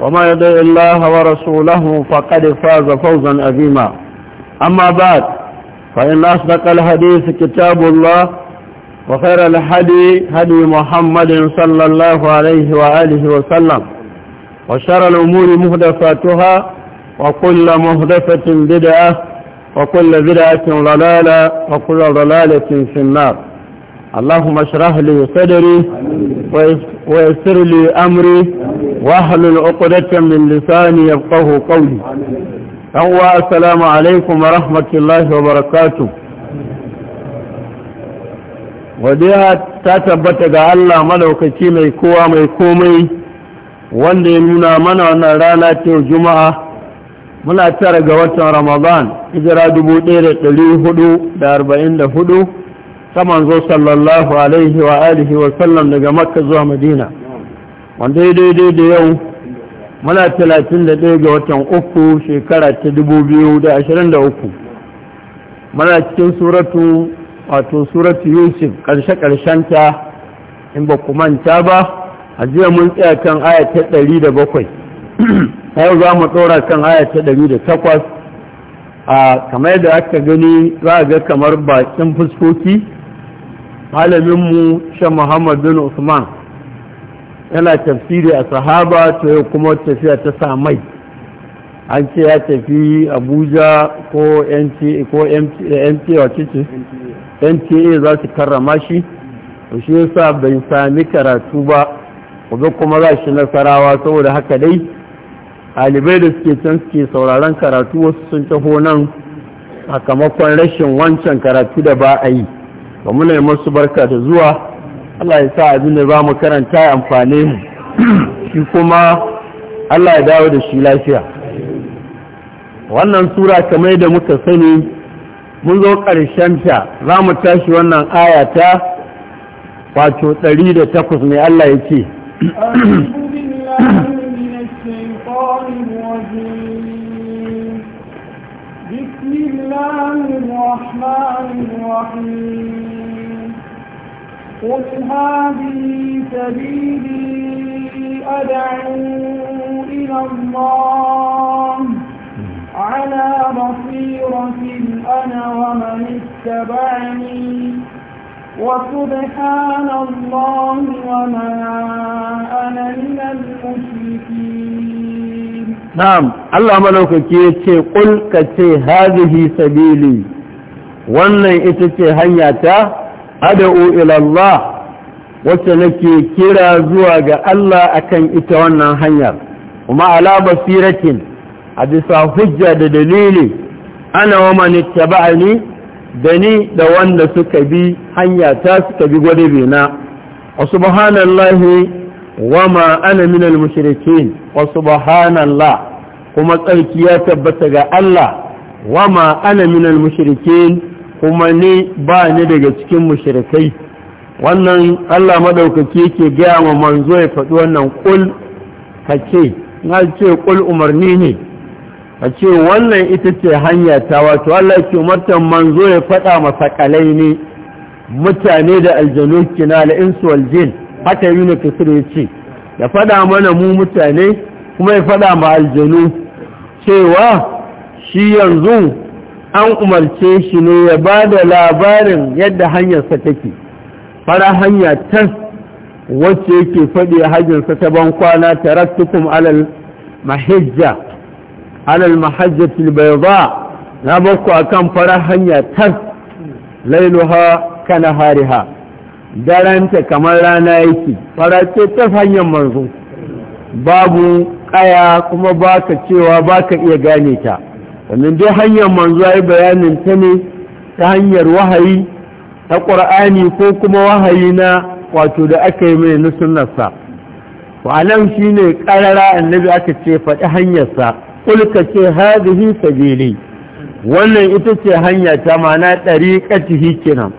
وما يدع الله ورسوله فقد فاز فوزا أذيما أما بعد فإن أصدق الحديث كتاب الله وخير الحدي هدي محمد صلى الله عليه وآله وسلم وشر الأمور مهدفاتها وكل مهدفة بدعة وكل بدعة ضلالة وكل ضلالة في النار اللهم اشرح لي صدري ويسر لي أمري واحلل عقدة من لساني يفقه قولي أهوى السلام عليكم ورحمة الله وبركاته وديها تتبت mai ملوكتي ميكوى komai, wanda ya nuna mana wannan rana ce juma'a muna tara ga watan ramadan hijira 1444 ta manzo sallallahu alaihi wa alihi wa sallam daga makka zuwa madina wanda ya daidai da yau muna talatin da ɗaya ga watan uku shekara ta dubu biyu da ashirin da uku muna cikin suratu wato suratu yusuf ƙarshe ta in ba ku manta ba a jiya mun tsaya kan ayata ɗari da bakwai yau za mu ɗora kan ayata ta ɗari da takwas a kamar yadda aka gani za a ga kamar bakin fuskoki malaminmu shan Muhammadu bin usman tana tafsiri a sahaba to yau kuma tafiya ta samai an ce ya tafi abuja ko mta wace ce mta za su karrama shi to shi yasa bai sami karatu ba kuma kuma za shi nasarawa saboda haka dai ɗalibai da suke can suke sauraron karatu wasu sun taho nan sakamakon rashin wancan karatu da ba a yi ba muna yi masu barka da zuwa Allah ya sa abin da za mu karanta ya amfane mu shi kuma Allah ya dawo da shi lafiya wannan sura kamar da muka sani mun zo ƙarshen ta za mu tashi wannan aya ta wato 108 mai Allah ya ce بسم الله قل هذه سبيلي أدعو إلى الله على بصيرة أنا ومن اتبعني وسبحان الله وما أنا من المشركين نعم الله ملوك كي قل كتي هذه سبيلي وانا ita ce hanya ad'u ila Allah wacce nake kira zuwa ga Allah akan ita wannan hanyar kuma ala basiratin a hujja da dalili ana wa man ittaba'ani da ni da wanda suka bi hanya ta suka bi gwadabe na wa subhanallahi wa ma ana min al-mushrikeen wa subhanallah kuma tsarki ya tabbata ga Allah wa ma ana min al-mushrikeen kuma ni ba ni daga cikin mushrikai wannan Allah madaukaki yake gaya wa manzo ya faɗi wannan kul kace na ce kul umarni ne a ce wannan ita ce hanya ta wato Allah ke umartan manzo ya faɗa kalai ne mutane da aljanu kina la insu wal jin haka yuna kasir ya ce ya faɗa mana mu mutane kuma ya faɗa ma aljanu cewa shi yanzu an umarce shi ne ya ba da labarin yadda hanyarsa take fara hanya tas wacce yake faɗi a hajjinsa ta bankwana kwana taraktukum alal mahajja alal mahajjatil ba. na bakku akan fara hanya tas lailuha kana hariha daranta kamar rana yake fara ce tas hanyar manzo babu kaya kuma baka cewa baka iya gane ta sannan dai hanyar manzo ya bayanin ta ne ta hanyar wahayi ta ƙur'ani ko kuma wahayi na wato da aka yi mai na sunnarsa wa'anan shi ne ƙarara annabi aka ce faɗi hanyarsa ƙulka ce hazihi sabili wannan ita ce hanya ta mana ɗariƙatihi kenan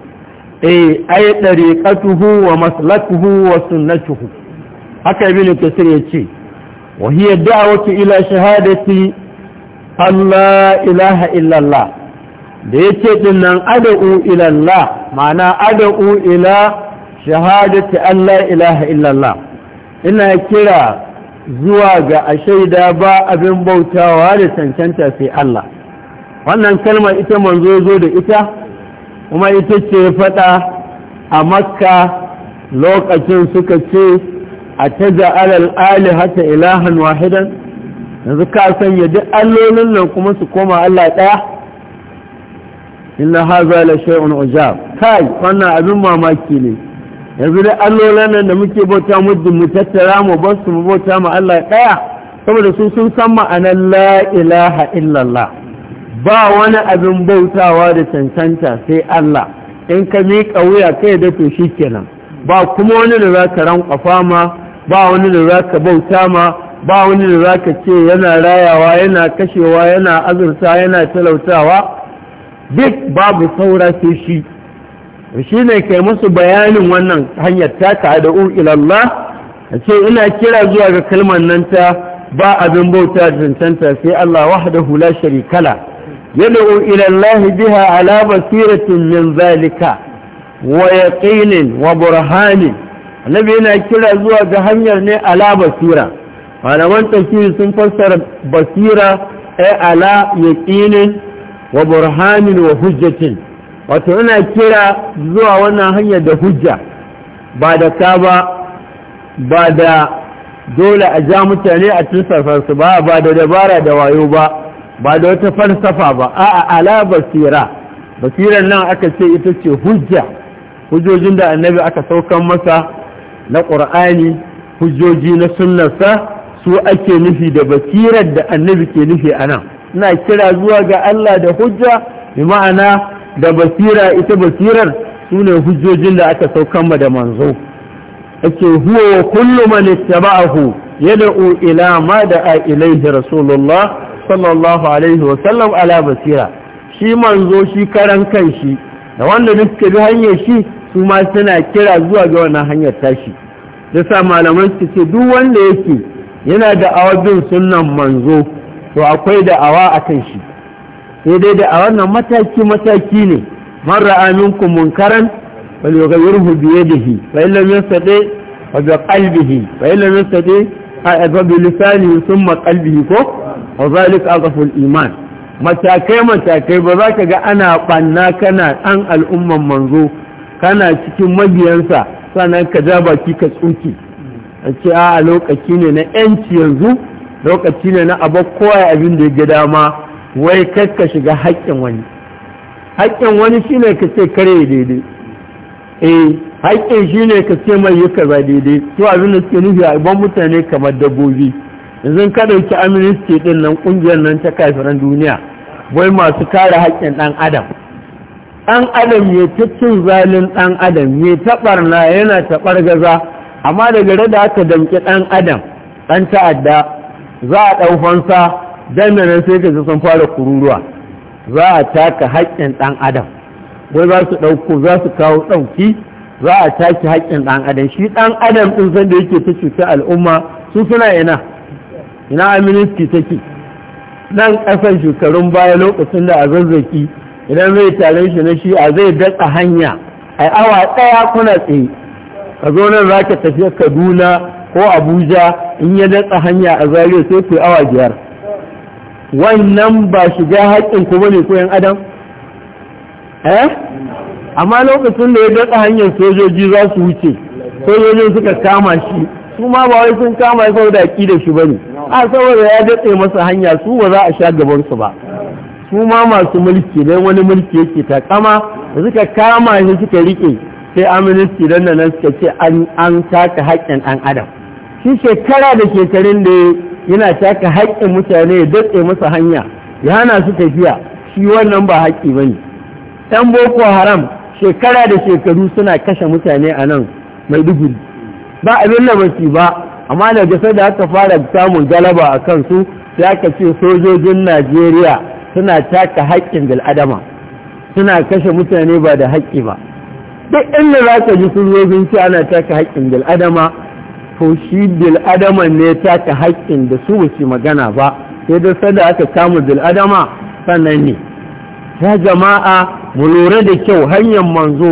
eh ai hu wa maslakuhu wa sunnatuhu haka ibn kasir ya ce wa hiya da'watu ila shahadati Allah ilaha illallah da ya ce dinnan ada'u ilallah ma'ana ada'u ila shahadati Allah ilaha illallah ina kira zuwa ga a shaida ba abin bautawa da cancanta sai Allah wannan kalma ita manzo zo da ita kuma ita ce fada a makka lokacin suka ce a taja alal alihata ilahan wahidan yanzu ka sanya duk allolin nan kuma su koma Allah ɗaya inna haza la shay'un ujab kai wannan abin mamaki ne yanzu duk allolin nan da muke bauta muddin mu tattara mu ba su bauta ma Allah ɗaya saboda su sun san ma'anar la ilaha illallah ba wani abin bautawa da cancanta sai Allah in ka miƙa wuya kai da to shikenan ba kuma wani da za ka ranƙafa ma ba wani da za ka bauta ma ba wani da zaka ce yana rayawa yana kashewa yana azurta yana talautawa duk babu saura sai shi shi ne kai musu bayanin wannan hanyar taka da ilallah a ce ina kira zuwa ga kalmar nan ta ba abin bauta cancanta sai Allah wahdahu la sharikala yad'u ila Allah biha ala basiratin min zalika wa yaqinin wa burhanin annabi yana kira zuwa ga hanyar ne ala basira malaman tafsiri sun fassara basira ay ala yaqinin wa burhanin wa hujjatin wato ina kira zuwa wannan hanyar da hujja ba da ka ba ba da dole a ja mutane a cin ba ba da dabara da wayo ba ba da wata falsafa ba a'a ala basira basiran nan aka ce ita ce hujja hujjojin da annabi aka saukan masa na ƙur'ani hujjoji na sunnarsa su ake nufi da basirar da annabi ke nufi a nan kira zuwa ga Allah da hujja bi ma'ana da basira ita basirar su ne hujjojin da aka saukan ma da manzo ake huwa wa kullu man ittaba'ahu yad'u ila ma da'a ilayhi rasulullah sallallahu alaihi wa sallam ala basira shi manzo shi karan kanshi da wanda duk bi hanyar shi su ma suna kira zuwa ga wannan hanyar tashi yasa malaman su ce duk wanda yake yana da awa bin sunnan manzo to akwai da awa a kan shi sai dai da a mataki mataki ne man ra'a minkum munkaran fal yughayyirhu bi yadihi fa in lam yastati fa bi qalbihi fa in lam yastati fa bi sun thumma ko wa zalika aqfu al iman matakai matakai ba za ka ga ana banna kana an al'umman manzo kana cikin mabiyansa sannan ka ja baki ka tsuki a ce a lokaci ne na yanci yanzu lokaci ne na abu koya abin da ya dama wai kar ka shiga haƙƙin wani haƙƙin wani shine ka ce kare daidai eh haƙƙin shine ka ce mai yi kaza daidai to abin da suke nufi a ban mutane kamar dabbobi yanzu ka ɗauki aministi ɗin nan ƙungiyar nan ta kafiran duniya wai masu kare haƙƙin ɗan adam ɗan adam ya ta cin zalin ɗan adam ya ta ɓarna yana ta gaza. amma daga rada aka damke ɗan adam ɗan ta'adda za a ɗau fansa da nan sai ka sun fara kururuwa za a taka haƙƙin ɗan adam wai za su ɗauko za su kawo ɗauki za a taki haƙƙin ɗan adam shi ɗan adam ɗin san da yake ta cuta al'umma su suna ina ina aminiski take nan ƙasar shekarun baya lokacin da a zazzaki idan zai tare shi na shi a zai daka hanya a awa ɗaya kuna tsaye ka zo nan za ka tafi kaduna ko abuja in ya datsa hanya a zariya sai ku awa biyar wannan ba shiga haƙƙin ku bane ko yan adam eh amma lokacin da ya datsa hanyar sojoji za su wuce sojojin suka kama shi su ma ba wai sun kama ya da aki da shi bane a saboda ya datse masa hanya su ba za a sha gaban su ba su ma masu mulki dan wani mulki yake takama suka kama shi suka rike sai aministi don nan suka ce an taka haƙƙin ɗan adam shi shekara da shekarun da yana taka haƙƙin mutane ya datse masa hanya ya hana su tafiya shi wannan ba haƙƙi ba ne ɗan boko haram shekara da shekaru suna kashe mutane a nan mai duguri ba abin da ba ba amma daga sai da aka fara samun galaba a kansu sai aka ce sojojin najeriya suna taka haƙƙin bil'adama suna kashe mutane ba da haƙƙi ba duk inda za ka ji sun zo sun ana taka haƙƙin bil'adama to shi bil'adama ne taka haƙƙin da su wuce magana ba sai da sada aka kama bil'adama sannan ne ya jama'a mu lura da kyau hanyar manzo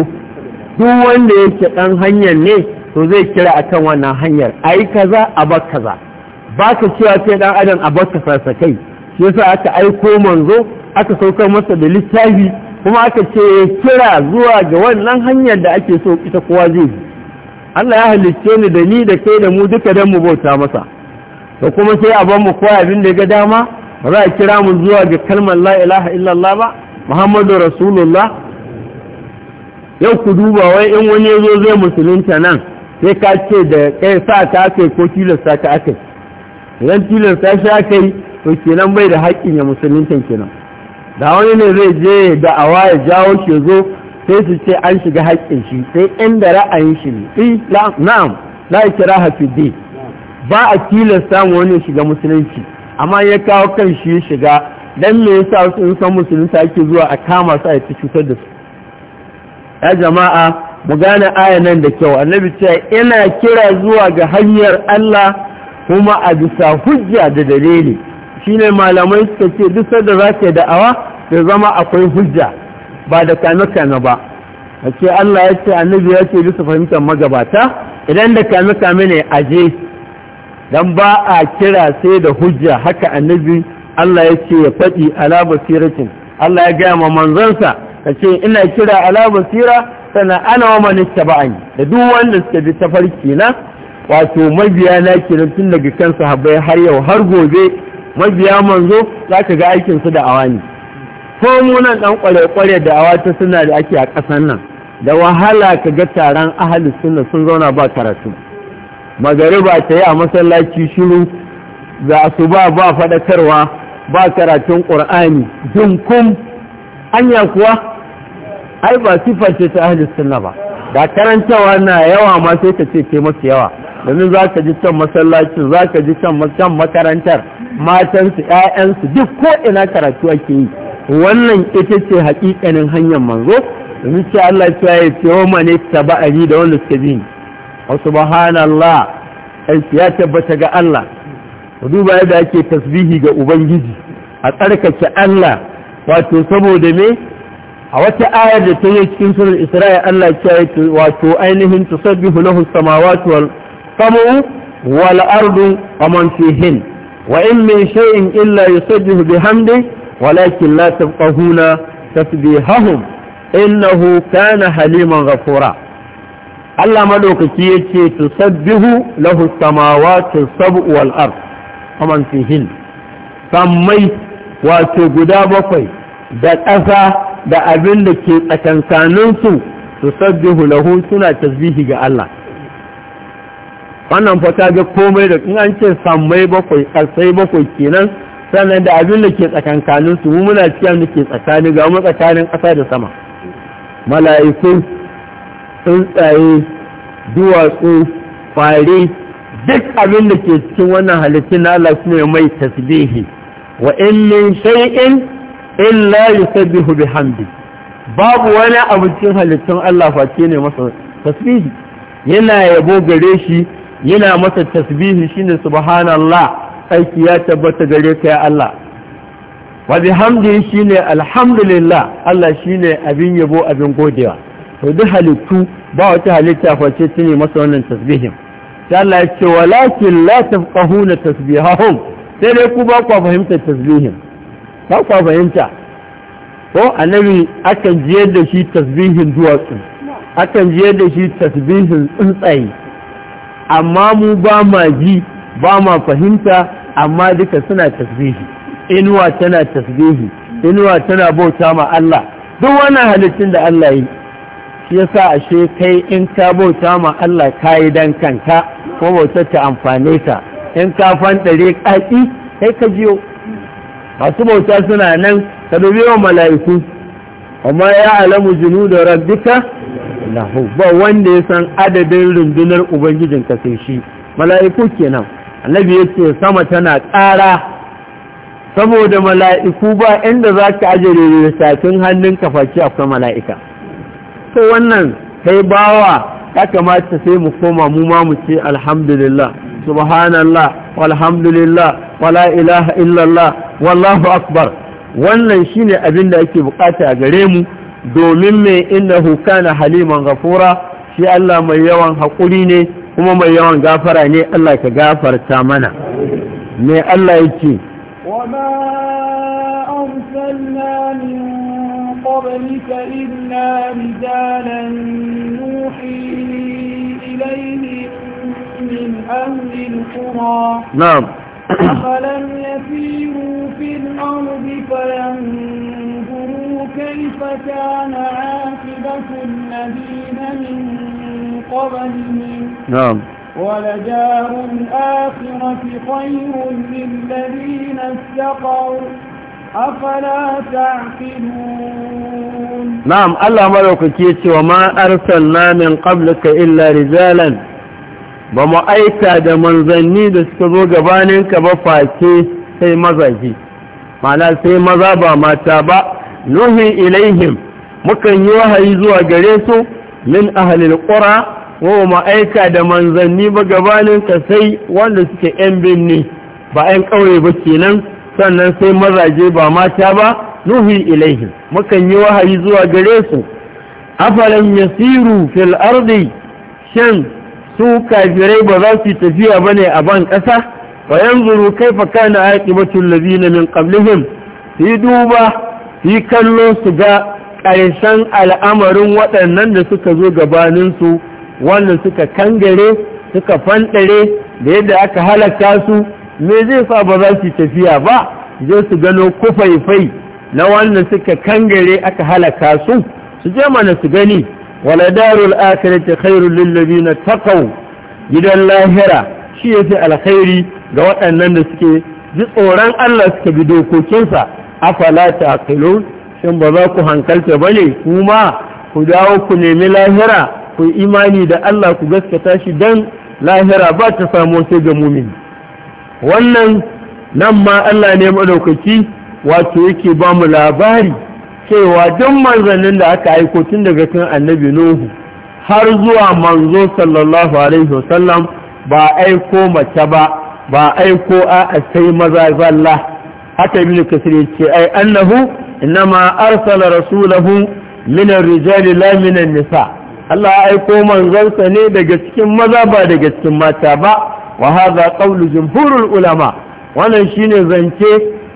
duk wanda yake ɗan hanyar ne to zai kira akan wannan hanyar ayi kaza a bar kaza ba ka cewa sai ɗan adam a baka ka sarsakai shi yasa aka aiko manzo aka saukar masa da littafi kuma aka ce kira zuwa ga wannan hanyar da ake so ita kowa zai Allah ya halicce ni da ni da kai da mu duka dan mu bauta masa to kuma sai a ban mu kowa abin da ga dama ba za a kira mu zuwa ga kalmar la ilaha illallah ba muhammadu rasulullah yau ku duba wai in wani yazo zai musulunta nan sai ka ce da kai sa ta aka ko tilasta ta aka idan tilasta shi aka yi to kenan bai da haƙƙin ya musulunta kenan da wani ne zai je da awa ya jawo shi zo sai su ce an shiga haƙƙin shi sai da ra'ayin shi ne na'am la kira hafi dai ba a tilasta mu wani shiga musulunci amma ya kawo kan shi shiga dan me yasa sun san musulunci ake zuwa a kama su a ta cutar da su ya jama'a mu gane aya nan da kyau annabi ce ina kira zuwa ga hanyar Allah kuma a bisa hujja da dalili ne malamai suka ce duk da za ka da'awa da zama akwai hujja ba da kame-kame ba a ce Allah ya ce annabi ya ce bisa fahimtar magabata idan da kame-kame ne aje don ba a kira sai da hujja haka annabi Allah ya ce ya faɗi ala siracin Allah ya gaya ma manzansa ka ce ina kira ala basira sana ana wa manista ba'ani da duk wanda suka bi tafarki na wato mabiya na kenan tun daga kansa habai har yau har gobe mabiya manzo za ka ga aikinsu da awa ne ɗan ƙware-ƙware da awa ta suna da ake a ƙasan nan da wahala ka ga taron ahalis suna sun zauna ba karatu ba ta yi a masallaci shiru za su ba faɗakarwa ba karatun ƙur'ani dunkum anya kuwa ai ba sifar ce ta ahalis suna ba da karantawa na yawa ma sai ta ce ke masu yawa domin za ka ji can masallacin za ka ji can makarantar matansu 'ya'yansu duk ko ina karatu ake yi wannan ita ce haƙiƙanin hanyar manzo domin ce Allah ya ya ce wa mane taba'ari da wanda suka bi wa subhanallah ya tabbata ga Allah ku duba yadda ake tasbihi ga ubangiji a tsarkake Allah wato saboda me a wata ayar da ta yi cikin sunan isra'i Allah ya ce wato ainihin tusabbihu lahu samawati wal samu wal ardu wa man fihin wa in min shay'in illa yusabbihu bihamdi walakin la tafqahuna tasbihahum innahu kana haliman ghafura Allah madaukaki yace tusabbihu lahu samawati sab'u wal ard wa man fihin sammai wato guda bakwai da ƙasa da abin da ke tsakankaninsu su sabbi hulahu suna tasbihi ga Allah wannan fata ga komai da in an ce samai bakwai ƙarsai bakwai kenan sannan da abin da ke tsakankaninsu mu muna cewa da ke tsakani ga mu tsakanin ƙasa da sama mala'iku tsuntsaye duwatsu fare duk abin da ke cikin wannan halittun na Allah su ne mai tasbihi wa in min shay'in illa yusabbihu bihamdi babu wani abincin halittun Allah face ne masa tasbihi yana yabo gare shi yana masa tasbihi shine subhanallah aiki ya tabbata gare ka ya Allah wa bihamdi shine alhamdulillah Allah shine abin yabo abin godewa to duk halittu ba wata halitta face ta ne masa wannan tasbihin sai Allah ya ce walakin la tafqahuna tasbihahum sai dai ku ba ku fahimtar tasbihin ba kwa fahimta ko annabi akan jiyar da shi tasbihin duwatsu akan jiyar da shi tasbihin tsuntsaye amma mu ba ma ji ba ma fahimta amma duka suna tasbihi inuwa tana tasbihi inuwa tana bauta ma Allah duk wannan halittun da Allah yi shi yasa ashe kai in ka bauta ma Allah ka yi dan kanka ko bautar ta amfane ta. in ka fantare kaki kai ka jiyo masu bauta suna nan ka dubi yawan mala'iku amma ya alamu jinu da rabbika lahu ba wanda ya san adadin rundunar ubangijin ka sai shi mala'iku kenan annabi yake sama tana ƙara saboda mala'iku ba inda za ka ajiye da hannun ka faci akwai mala'ika to wannan kai bawa ya kamata sai mu koma mu ma mu ce alhamdulillah subhanallah والحمد لله ولا إله إلا الله والله أكبر wannan shine abin da ake bukata a gare mu domin mai innahu kana haliman ghafura shi Allah mai yawan hakuri ne kuma mai yawan gafara ne Allah ka gafarta mana mai Allah yake wama arsalna min qablika illa rijalan nuhi أهل القرى نعم أفلم يسيروا في الأرض فينظروا كيف كان عاقبة الذين من قبلهم نعم ولدار الآخرة خير للذين اتقوا أفلا تعقلون نعم الله ملوك كيس وما أرسلنا من قبلك إلا رجالا ba mu aika da manzanni da suka zo gabaninka ba face sai mazaje mana sai maza ba mata ba nuhi ilaihim mukan yi wahayi zuwa gare su min ahalil qura wa mu aika da manzanni ba gabaninka sai wanda suke yan binni ba yan kauye ba kenan sannan sai mazaje ba mata ba nuhin ilaihim mukan yi wahayi zuwa gare su afalan yasiru fil ardi shan su kafirai ba za su tafiya ba ne a ban ƙasa ba yan zuru kai fa kana aqibatul ladina min qablihim su yi duba su yi kallo su ga ƙarshen al'amarin waɗannan da suka zo gabaninsu wanda suka kangare suka fanɗare da yadda aka halaka su me zai sa ba za su tafiya ba je su gano kufaifai na wanda suka kangare aka halaka su su je mana su gani wala darul akhirati khairul lil ladina taqaw gidan lahira shi yafi alkhairi ga waɗannan da suke ji tsoron Allah suke bi dokokinsa afala taqilun shin ba za ku hankalta bane kuma ku dawo ku nemi lahira ku imani da Allah ku gaskata shi dan lahira ba ta samu sai ga mumin wannan nan ma Allah ne madaukaki wato yake ba mu labari cewa duk manzannin da aka aiko tun daga kan annabi nuhu har zuwa manzo sallallahu alaihi wasallam ba aiko mace ba ba aiko a sai maza zalla haka ibn kasir yace ai annahu inma arsala rasulahu min ar-rijali la min an-nisa Allah aiko manzansa ne daga cikin maza ba daga cikin mata ba wa hadha qawlu jumhurul ulama wannan shine zance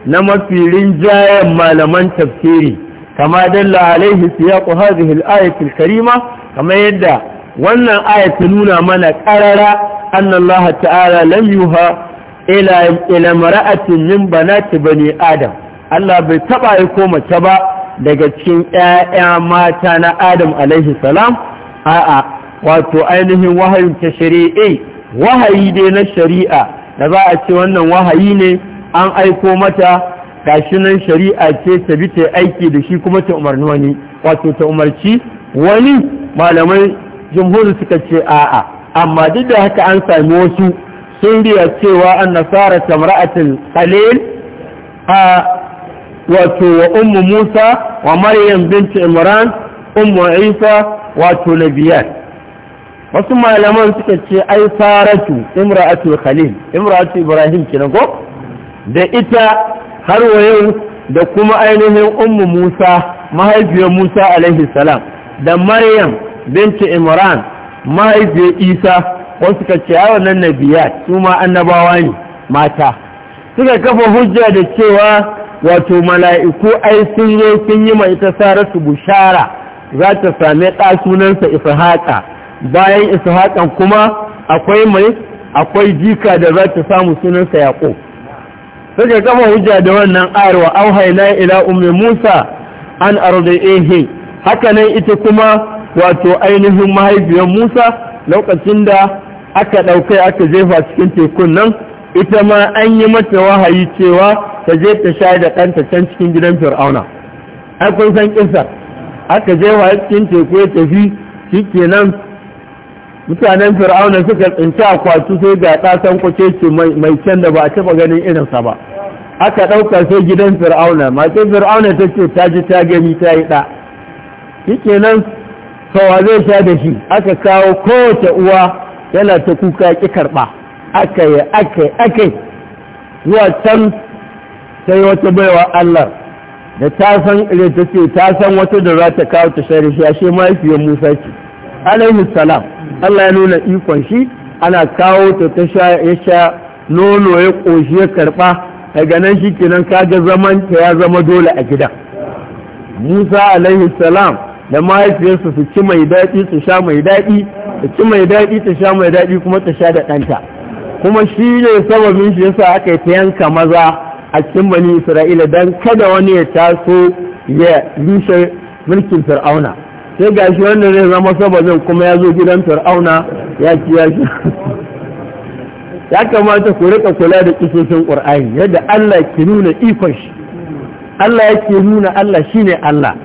na mafi rinjayen malaman tafsiri kama dalla alaihi siyaqu hadhihi al-ayati al-karima kama yadda wannan ayat nuna mana ƙarara. anna ta'ala lam yuha ila ila mar'atin min banati bani adam Allah bai taɓa aiko ko mace ba daga cikin 'ya'ya mata na Adam alaihi salam a'a wato ainihin wahayin ta shari'i wahayi dai na shari'a da za a ce wannan wahayi ne an aiko mata gashi nan shari'a ce ta bi ta aiki da shi kuma ta umarni wani wato ta umarci wani malamai jumhur suka ce a'a amma duk da haka an sami wasu sun riya cewa an nasara tamra'atul qalil a wato wa ummu musa wa maryam binti imran ummu isa wato nabiyat wasu malaman suka ce ai saratu imra'atul khalil imra'atul ibrahim kenan ko da ita har wa yau da kuma ainihin ummu musa mahaifiyar musa alaihi salam da maryam binti imran mahaifiyar isa wasu ka ce nan nabiya su ma annabawa ne mata suka kafa hujja da cewa wato mala'iku ai sun yi sun yi mai ita saratu bushara za ta same ɗa sunansa ishaqa bayan ishaqan kuma akwai mai akwai jika da za ta samu sunansa yaƙo suka kafa hujja da wannan ayar wa auhayna ila ummi Musa an arda'ihi haka nan ita kuma wato ainihin mahaifiyar Musa lokacin da aka ɗaukai aka jefa cikin tekun nan ita ma an yi mata wahayi cewa ta je ta sha da ɗanta can cikin gidan fir'auna ai kun san kisar aka jefa cikin teku ya tafi shikenan mutanen fir'auna suka tsinci akwati sai ga ɗasan kwace ce mai can da ba a taɓa ganin irinsa ba aka ɗauka sai gidan fir'auna mace fir'auna ta ce ta ji ta gani ta yi ɗa shi nan kawa zai sha da shi aka kawo kowace uwa yana ta kuka ki karɓa aka yi aka yi aka yi zuwa can sai wata baiwa allah da ta san ire ta ce ta san wata da za ta kawo ta shari shi ashe mahaifiyar musa ce alaihi salam allah ya nuna ikon shi ana kawo ta ta sha ya sha nono ya ƙoshi ya karɓa daga nan shi kenan kaga zaman ta ya zama dole a gida musa alaihi salam da mahaifiyarsa su ci mai daɗi su sha mai daɗi su ci mai daɗi ta sha mai daɗi kuma ta sha da ɗanta kuma shi ne sababin shi yasa aka yi ta yanka maza a cikin bani isra'ila don kada wani ya taso ya rushe mulkin fir'auna sai gashi shi wannan zai zama sababin kuma ya zo gidan fir'auna ya ci ya shi ya kamata ku rika kula da kisoshin ƙur'ani yadda Allah ke nuna ikon shi Allah yake nuna Allah shine Allah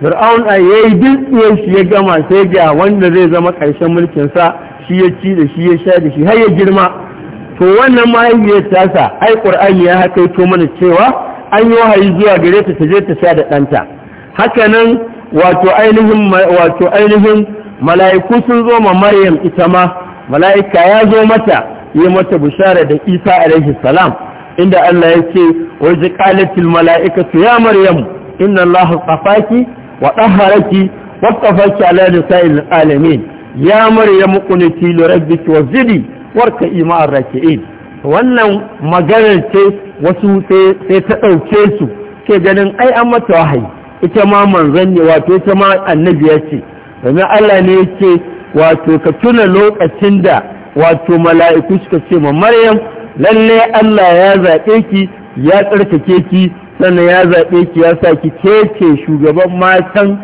Fir'aun a yayi dukkan shi ya gama sai ga wanda zai zama ƙarshen mulkin sa shi ya ci da shi ya sha da shi har ya girma to wannan mahaifiyar tasa ai Qur'ani ya haka to mana cewa an yi wahayi zuwa gare ta je ta sha da ɗanta haka nan wato ainihin wato ainihin mala'iku sun zo ma Maryam ita ma mala'ika ya zo mata yi mata bishara da isa alaihi salam inda Allah ya ce waje qalatil mala'ikatu ya maryam inna allaha qafaki wa tahharaki wa qafaki ala nisa'il alamin ya maryam qunuti li rabbiki wazidi warka'i ma'ar raki'in wannan maganar ce wasu sai ta ɗauke su ke ganin ai an mata wahayi ita ma manzon ne wato ita ma annabiya ce domin Allah ne yake wato ka tuna lokacin da wato mala'iku suka ce ma maryam lalle Allah ya zaɓe ki ya tsarkake ki sannan ya zaɓe ki ya sa ki kece shugaban matan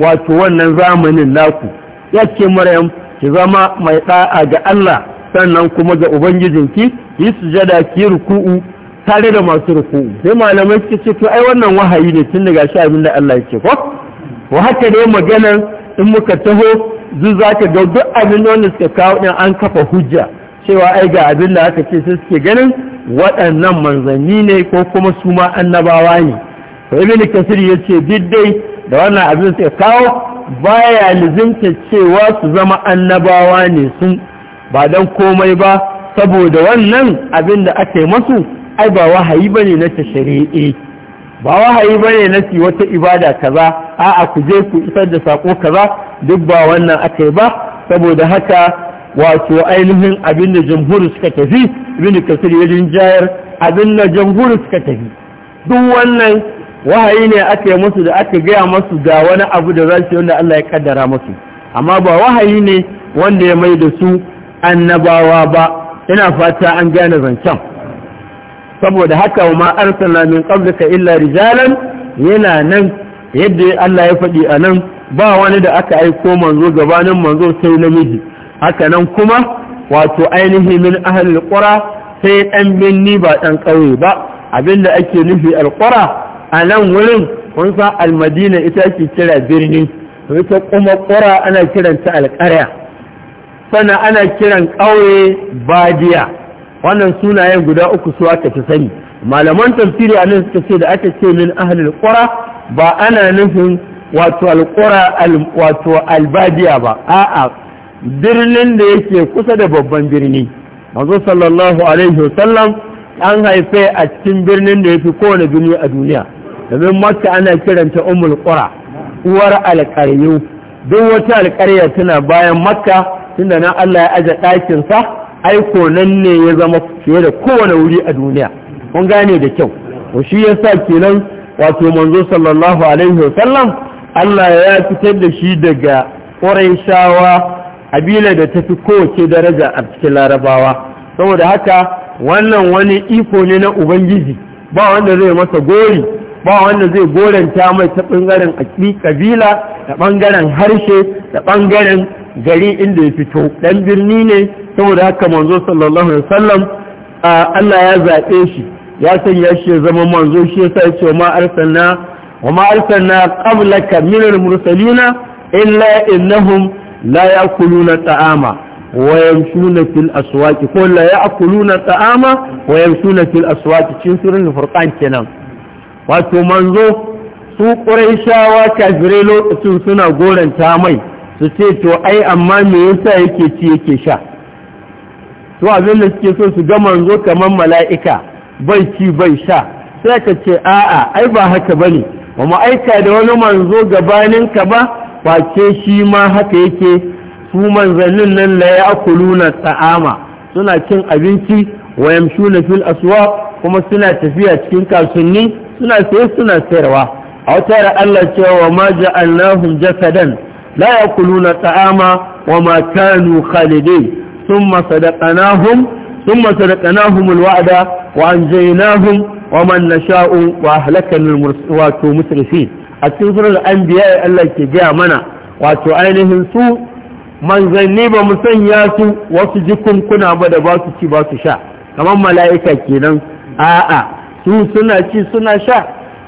wato wannan zamanin naku ya ce maryam ki zama mai ɗa'a ga Allah sannan kuma ga ubangijinki yi sujada ki ruku'u tare da masu ruku'u sai malamai suka ce to ai wannan wahayi ne tun daga shi da Allah ya ce ko wa haka dai maganar in muka taho zuwa za ka ga abin wanda suka kawo ɗin an kafa hujja cewa ai ga abin da aka ce sai suke ganin waɗannan manzanni ne ko kuma su ma annabawa ne to ibn kasir ya ce diddai da wannan abin suka kawo baya lizinta cewa su zama annabawa ne sun ba don komai ba saboda wannan abin da aka yi masu ai ba wahayi bane na ta shari'i ba wahayi bane nasi wata ibada kaza a'a ku je ku isar da sako kaza duk ba wannan akai ba saboda haka wato ainihin abin da jamhuri suka tafi ibn kasir ya jayar abin da jamhuri suka tafi duk wannan wahayi ne aka yi musu da aka gaya musu ga wani abu da za su wanda Allah ya kaddara musu amma ba wahayi ne wanda ya mai da su annabawa ba ina fata an gane zancen saboda haka wa ma arsalna min qablika illa rijalan yana nan yadda Allah ya faɗi a nan ba wani da aka aiko manzo gabanin manzo sai namiji haka nan kuma wato ainihi min ahlul qura sai ɗan birni ba ɗan ƙauye ba abinda ake nufi alqura a nan wurin kun san almadina ita ake kira birni ita kuma ƙura ana kiranta alƙarya, sannan ana kiran ba badiya wannan sunayen guda uku su aka fi sani malaman tafsiri a nan suka ce da aka ce min ahlul qura ba ana nufin wato Alkura wato albadiya ba a'a birnin da yake kusa da babban birni manzo sallallahu alaihi wasallam an haife a cikin birnin da yafi kowane birni a duniya domin makka ana kiranta ummul qura uwar alƙaryu duk wata alƙarya tana bayan makka tunda nan Allah ya aje ɗakin sa aiko nan ne ya zama fiye da kowane wuri a duniya kun gane da kyau to shi yasa kenan wato manzo sallallahu alaihi wasallam Allah ya fitar da shi daga Qurayshawa abila da tafi kowace daraja a cikin Larabawa saboda haka wannan wani iko ne na ubangiji ba wanda zai masa gori ba wanda zai goranta mai ta bangaren kabila da bangaren harshe da bangaren gari inda ya fito dan birni ne saboda haka manzo sallallahu alaihi wasallam Allah ya zaɓe shi ya sanya shi ya zama manzo shi yasa ya ce ma arsalna wa ma arsalna qablaka min al-mursalina illa innahum la ya'kuluna ta'ama wa yamshuna fil aswaqi ko la ya'kuluna ta'ama wa yamshuna fil aswaqi cikin suratul furqan kenan wato manzo su quraishawa kafirai lokacin suna goranta mai su ce to ai amma me yasa yake ci yake sha to abin da suke so su ga manzo kamar mala'ika bai ci bai sha sai ka ce a'a ai ba haka bane ba mu aika da wani manzo gabanin ka ba face shi ma haka yake su manzannin nan la ya'kuluna ta'ama suna cin abinci wa yamshuna fil aswaq kuma suna tafiya cikin kasuwanni suna sai suna sayarwa a wata Allah cewa ma ja'alnahum jasadan la na ta'ama wa ma kanu khalidin thumma sadaqnahum thumma sadaqnahum alwa'da wa anjaynahum wa man nasha'u wa ahlakna almursawatu musrifin a cikin surar anbiya Allah ke gaya mana wato ainihin su manzanni ba mu sanya su wasu jikunkuna ba da ba su ci ba su sha kamar mala'ika kenan a'a su suna ci suna sha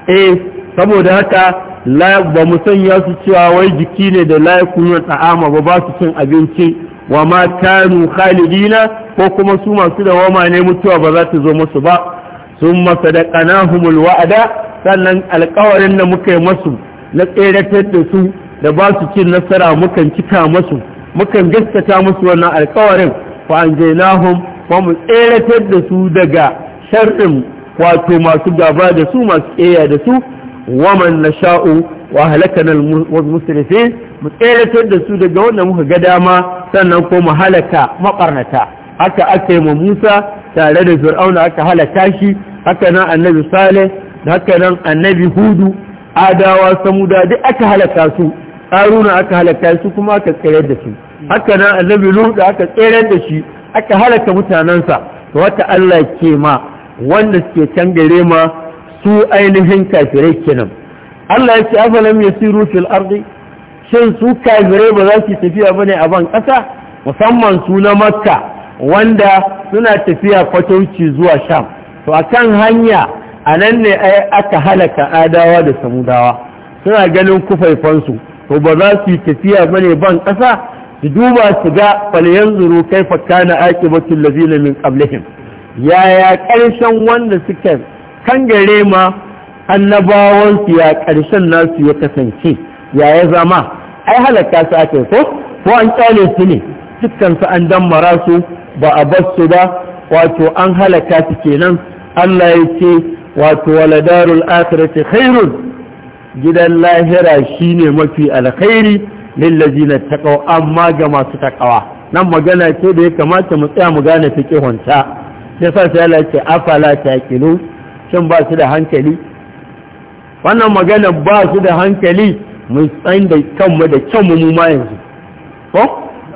eh saboda haka ba mu sanya su cewa wai jiki ne da layakun yin ta'ama ba ba su cin abinci wa ma kanu khalidina ko kuma su masu da wama ne mutuwa ba za ta zo musu ba sun masa da kanahumul wa'ada sannan alƙawarin da muka yi masu na tseratar da su da ba su cin nasara mukan cika masu mukan gaskata masu wannan alƙawarin fa an je jainahum fa mu tseratar da su daga sharrin wato masu gaba da su masu ƙeya da su wa man nasha'u wa nan al mu tseratar da su daga wanda muka ga dama sannan ko mu halaka maɓarnata. haka aka yi ma Musa tare da Fir'auna aka halaka shi haka nan annabi Saleh haka nan annabi Hudu Adawa Samuda duk aka halaka su Haruna aka halaka su kuma aka tsirar da su haka nan annabi Lut aka tsirar da shi aka halaka mutanensa wata Allah ke ma wanda suke can gare ma su ainihin kafirai kenan Allah ya ce afalam yasiru fil ardi shin su kafirai ba za su tafiya bane a ban kasa musamman su na makka wanda suna tafiya kwatoci zuwa sham to akan hanya a nan ne aka halaka adawa da samudawa suna ganin kufaifansu to ba za su tafiya bane ban ƙasa su duba su ga falyan zuru kai fakka na aƙibatun lazina min ƙablihim yaya ƙarshen wanda suke kan gare ma annabawansu ya ƙarshen nasu ya kasance ya ya zama ai halatta su ake so. ko an ƙyale su ne dukkansu an dammara su ba a bar su ba wato an halatta su kenan Allah ya ce wato waladarul akhirati khairun gidan lahira shine mafi alkhairi na taqaw amma ga masu takawa nan magana ce da ya kamata mu tsaya mu gane fiqihunta sai fa sai Allah ya ce afala taqilu shin ba su da hankali wannan magana ba su da hankali mun tsayin da kanmu da kyanmu mu ma yanzu ko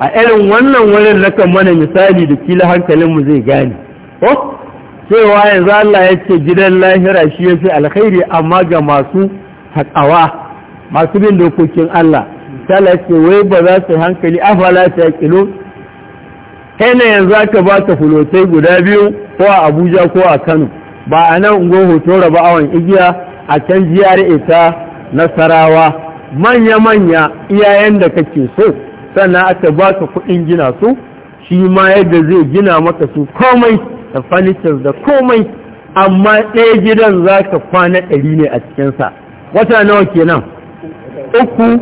a irin wannan wurin na mana misali da kila hankalinmu zai gane ko cewa yanzu Allah ya ce gidan lahira shi ya fi alkhairi amma ga masu haƙawa masu bin dokokin Allah Allah ya ce wai ba za su hankali afala ta kilo kai ne yanzu aka ba ta fulotai guda biyu ko a Abuja ko a Kano ba a nan ungo hoto raba awon igiya a can jiyar ita nasarawa manya-manya iyayen da kake so sannan aka ba ka kuɗin gina su shi ma yadda zai gina maka su komai da furnitures da komai amma ɗaya gidan za ka kwana ɗari ne a cikinsa wata nawa kenan uku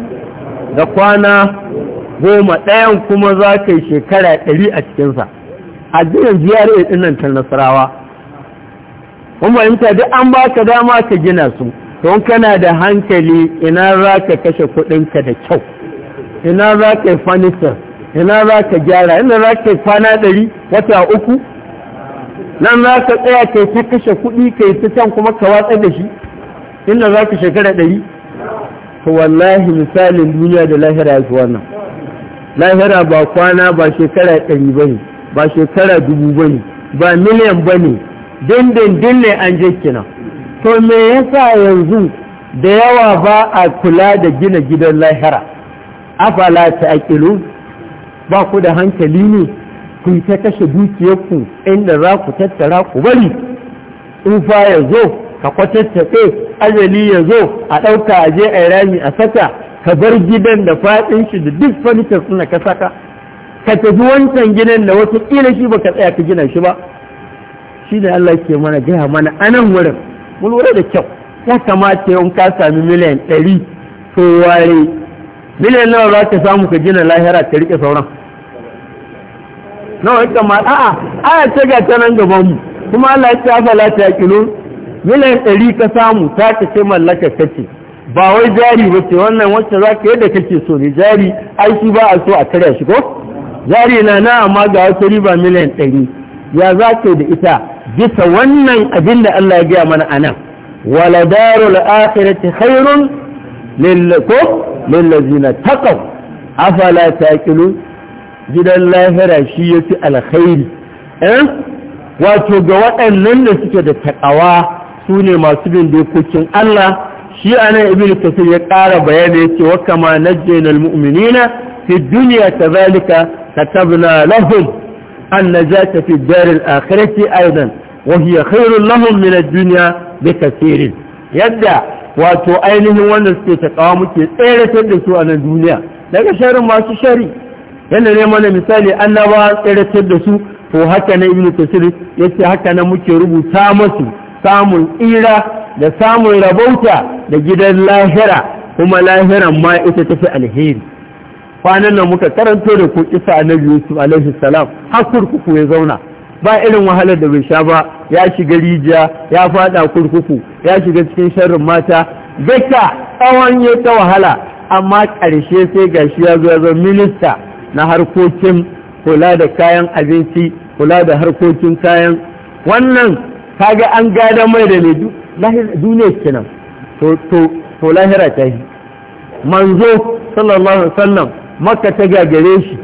da kwana goma ɗayan kuma za ka yi shekara ɗari a cikinsa a jiran jiyar ita nan ta nasarawa mun fahimta duk an ba ka dama ka gina su don kana da hankali ina za ka kashe kudinka da kyau ina za ka yi fanitar ina za ka gyara ina za ka yi kwana ɗari wata uku nan za ka tsaya yi ta kashe kuɗi yi ta can kuma ka watsa da shi inda za ka shekara ɗari to wallahi misalin duniya da lahira ya wannan lahira ba kwana ba shekara ɗari ba ne ba shekara dubu ba ne ba miliyan ba ne dindindin ne an je kina to me yasa yanzu da yawa ba a kula da gina gidan lahira afala ta akilu ba ku da hankali ne ku ta kashe dukiyarku inda za ku tattara ku bari fa ya zo ka kwatattaɓe azali ya zo a ɗauka a je a rami a saka ka bar gidan da faɗin shi da duk fanitar suna ka saka ka tafi wancan gidan da wata ƙila shi ba ka tsaya ka gina shi ba shi ne Allah ke mana gaya mana anan wurin mu da kyau ya kamata yau ka sami miliyan ɗari to ware miliyan nawa za ka samu ka gina lahira ta riƙe sauran nawa ya kamata a'a aya ce ga tanan gaban mu kuma Allah ya ce afala ta kilo miliyan ɗari ka samu ta ka ce ka ce ba wai jari ba ce wannan wacce za ka yadda kake so ne jari ai shi ba a so a karya shi ko jari na na amma ga wasu riba miliyan ɗari ya za da ita bisa wannan abin da Allah ya gaya mana a nan waladarul akhirati khairun lillakum lillazina taqaw afala taqilun gidan lahira shi yafi alkhairi eh wato ga waɗannan da suke da takawa su ne masu bin dokokin Allah shi anan ibnu kasir ya ƙara bayani yace wa kama najjayna almu'minina fi dunya kadhalika katabna lahum النجاة في الدار الآخرة أيضا وهي خير لهم من da بكثير Yadda wato ainihin wanda suke ta muke tseratar da su a nan duniya daga sharin masu shari yadda ne mana misali annabawa tseratar da su ko haka na ibnu kasir yace haka na muke rubuta masu samun tsira da samun rabauta da gidan lahira kuma lahira ma ita tafi alheri kwanan nan muka karanto da ku isa annabi yusuf alaihi salam har kurkuku ya zauna ba irin wahalar da bai sha ba ya shiga rijiya ya fada kurkuku ya shiga cikin sharrin mata duka tsawon ya ta wahala amma ƙarshe sai gashi ya zo ya zama minista na harkokin kula da kayan abinci kula da harkokin kayan wannan kaga an gada mai da mai duniya kenan to lahira ta yi manzo sallallahu alaihi wasallam makka ta gagare shi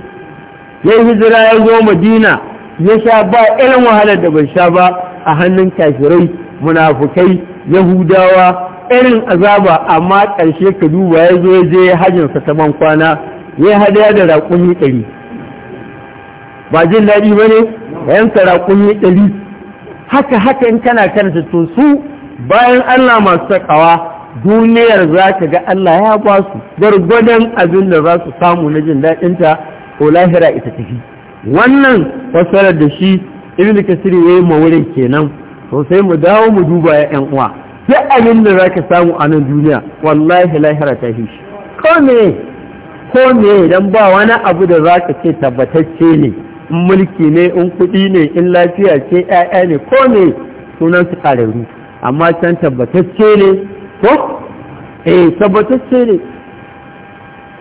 ya yi hijira ya zo madina ya sha ba irin wahalar da bai sha ba a hannun kafirai munafukai yahudawa irin azaba amma ƙarshe ka duba ya zo ya je hajjinsa ta ban kwana ya hadaya da raƙumi ɗari ba jin daɗi ba ne ya yanka raƙumi ɗari haka haka in kana kanta to su bayan allah masu taƙawa duniyar za ka ga Allah ya ba su gwargwadon abin da za su samu na jin daɗinta ko lahira ita tafi wannan fasarar da shi ibn kasir ya yi mawurin kenan sosai mu dawo mu duba ya yan uwa duk abin da za ka samu a nan duniya wallahi lahira ta fi shi ko me ko dan ba wani abu da za ka ce tabbatacce ne in mulki ne in kuɗi ne in lafiya ce ƴaƴa ne ko me sunan su ƙararru amma can tabbatacce ne ko eh tabbatacce ne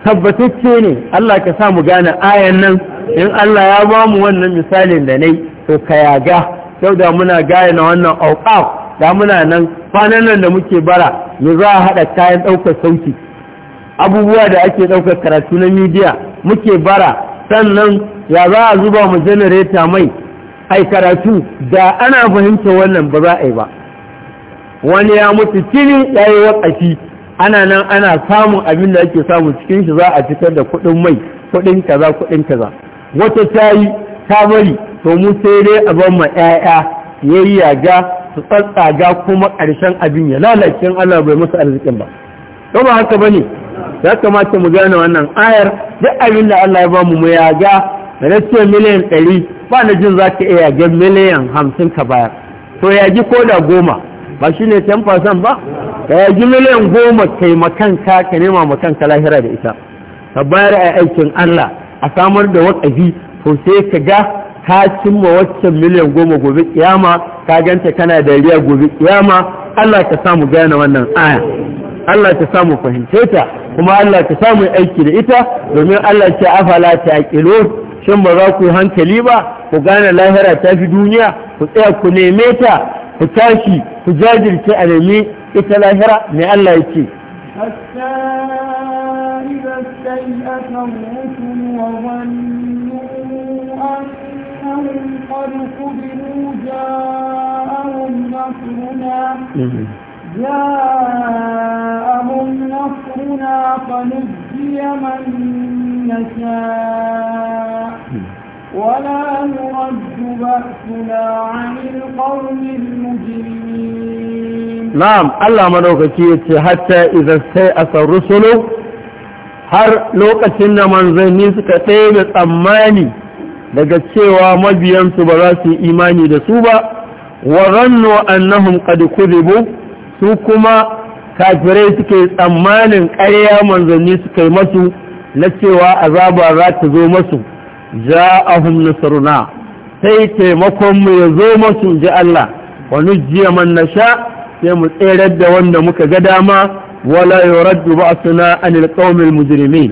tabbatacce ne Allah ka sa mu gane ayan nan in Allah ya ba mu wannan misalin da nai to ka yaga yau da muna gaya na wannan auqaf da muna nan kwanan nan da muke bara mu za a haɗa kayan ɗaukar sauki abubuwa da ake ɗaukar karatu na midiya muke bara sannan ya za a zuba mu janareta mai ai karatu da ana fahimta wannan ba za a yi ba wani ya mutu cini ya yi ana nan ana samun abin da ake samu cikin shi za a fitar da kuɗin mai kuɗin kaza kuɗin kaza wata ta yi ta bari to mu sai dai a ban ma 'ya'ya yayya ga su tsatsaga kuma ƙarshen abin ya lalace in Allah bai musu arzikin ba to ba haka bane ya kamata mu gane wannan ayar duk abin da Allah ya ba mu yaga ga da ce miliyan 100 ba na jin zaka iya ga miliyan 50 ka bayar to ya ji koda goma ba shi ne 10% ba ka yaji miliyan goma taimakanka ka ka nema kanka lahira da ita ka bayar a aikin Allah a samar da wakafi to sai ka ga ka cimma waccan miliyan goma gobe kiyama ka ganta kana da riya gobe kiyama Allah ka samu gane wannan aya Allah ta samu fahimce ta kuma Allah ta samu aiki da ita domin Allah ce afala ta kilo shin ba za ku yi hankali ba ku gane lahira ta fi duniya ku tsaya ku neme ta ku tashi ku jajirce a nemi ita lahira mai Allah ya ce قد قبلوا جاءهم نصرنا جاءهم نصرنا فنجي من نشاء Na'am. Allah maɗaukaci عن القوم المجرمين نعم الله منوكي حتى إذا استيأس الرسل har lokacin da manzanni suka tsaye tsammani daga cewa mabiyansu ba za su yi imani da su ba wa rannu annahum qad kudibu su kuma kafirai suke tsammanin ƙarya manzanni suka masu na cewa azaba za ta zo masu ja'ahum nasruna sai taimakon mu ya zo musu ji Allah wa jiya man nasha sai mu tserar da wanda muka ga dama wala yuraddu ba'suna anil qaumil mujrimin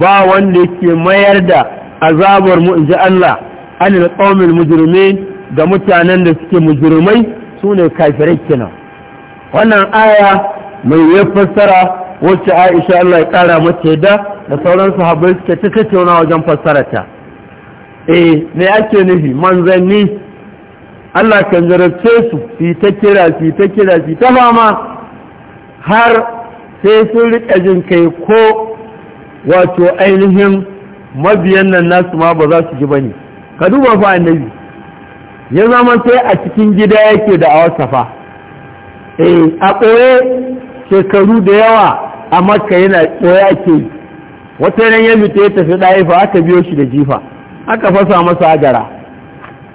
ba wanda yake mayar da azabar mu inji Allah anil qaumil mujrimin ga mutanen da suke mujrimai sune kafirai kenan wannan aya mai ya fassara wacce Aisha Allah ya kara mata da da sauran sahabbai suke ta tattauna wajen ta eh me ake nufi manzanni Allah kan zarafce su fi ta kira fi ta kira fi ta fama har sai sun rika jin kai ko wato ainihin mabiyan nan nasu ma ba za su ji bane ka duba fa annabi ya zama sai a cikin gida yake da awasa fa eh a koye shekaru da yawa a makka yana koya ke wata ran ya fita ya tafi ɗaifa aka biyo shi da jifa aka fasa masa agara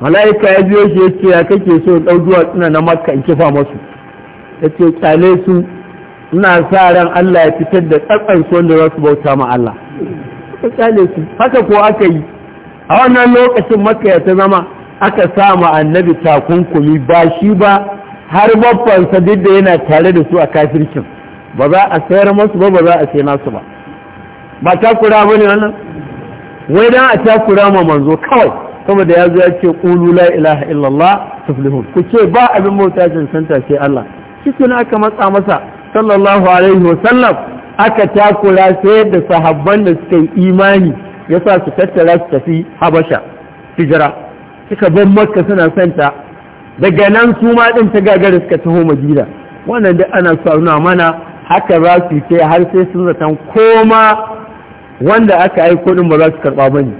mala'ika ya biyo shi ya ce ya kake so ɗau duwatsuna na makka in kifa masu ya ce kyale su ina sa ran Allah ya fitar da tsatsan su wanda za su bauta ma Allah aka kyale su haka ko aka yi a wannan lokacin makka ya ta zama aka sa ma annabi takunkumi ba shi ba har babbansa duk da yana tare da su a kafircin ba za a sayar masu ba ba za a sai nasu ba ba takura ba ne wannan wai dan a takura ma manzo kawai saboda ya zo ya ce qulu la ilaha illallah tuflihun ku ce ba abin bauta santa sai Allah cikin aka matsa masa sallallahu alaihi wa sallam aka takura sai da sahabban da suke yi imani yasa su tattara su tafi habasha hijira suka bar makka suna santa daga nan su ma din ta gagara suka taho madina wannan da ana sauna mana haka za su ce har sai sun zaton koma wanda aka aiko din ba za su karɓa ba ne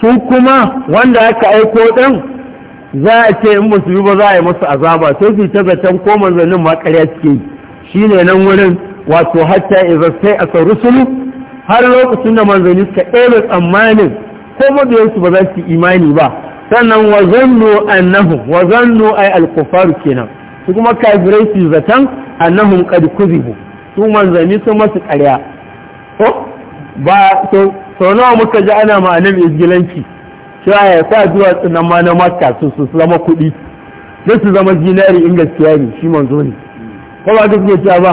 su kuma wanda aka aiko ɗin za a ce in ba su yi ba za a yi musu azaba sai su ta zaton ko manzannin ma ƙarya suke yi shine nan wurin wato hatta idza sai aka rusulu har lokacin da manzanni suka ɗaya tsammanin ko mabiyansu ba za su imani ba sannan wa zannu nahu, wa zannu ay al-kufar kenan su kuma kafirai su zatan annahum qad kuzibu su manzanni sun masu ƙarya ba sau nawa muka ji ana ma annabi izgilanci cewa ya sa zuwa tsinan ma na maka su su zama kuɗi duk su zama zinari in gaskiya ne shi manzo ne ko ba duk gaskiya ba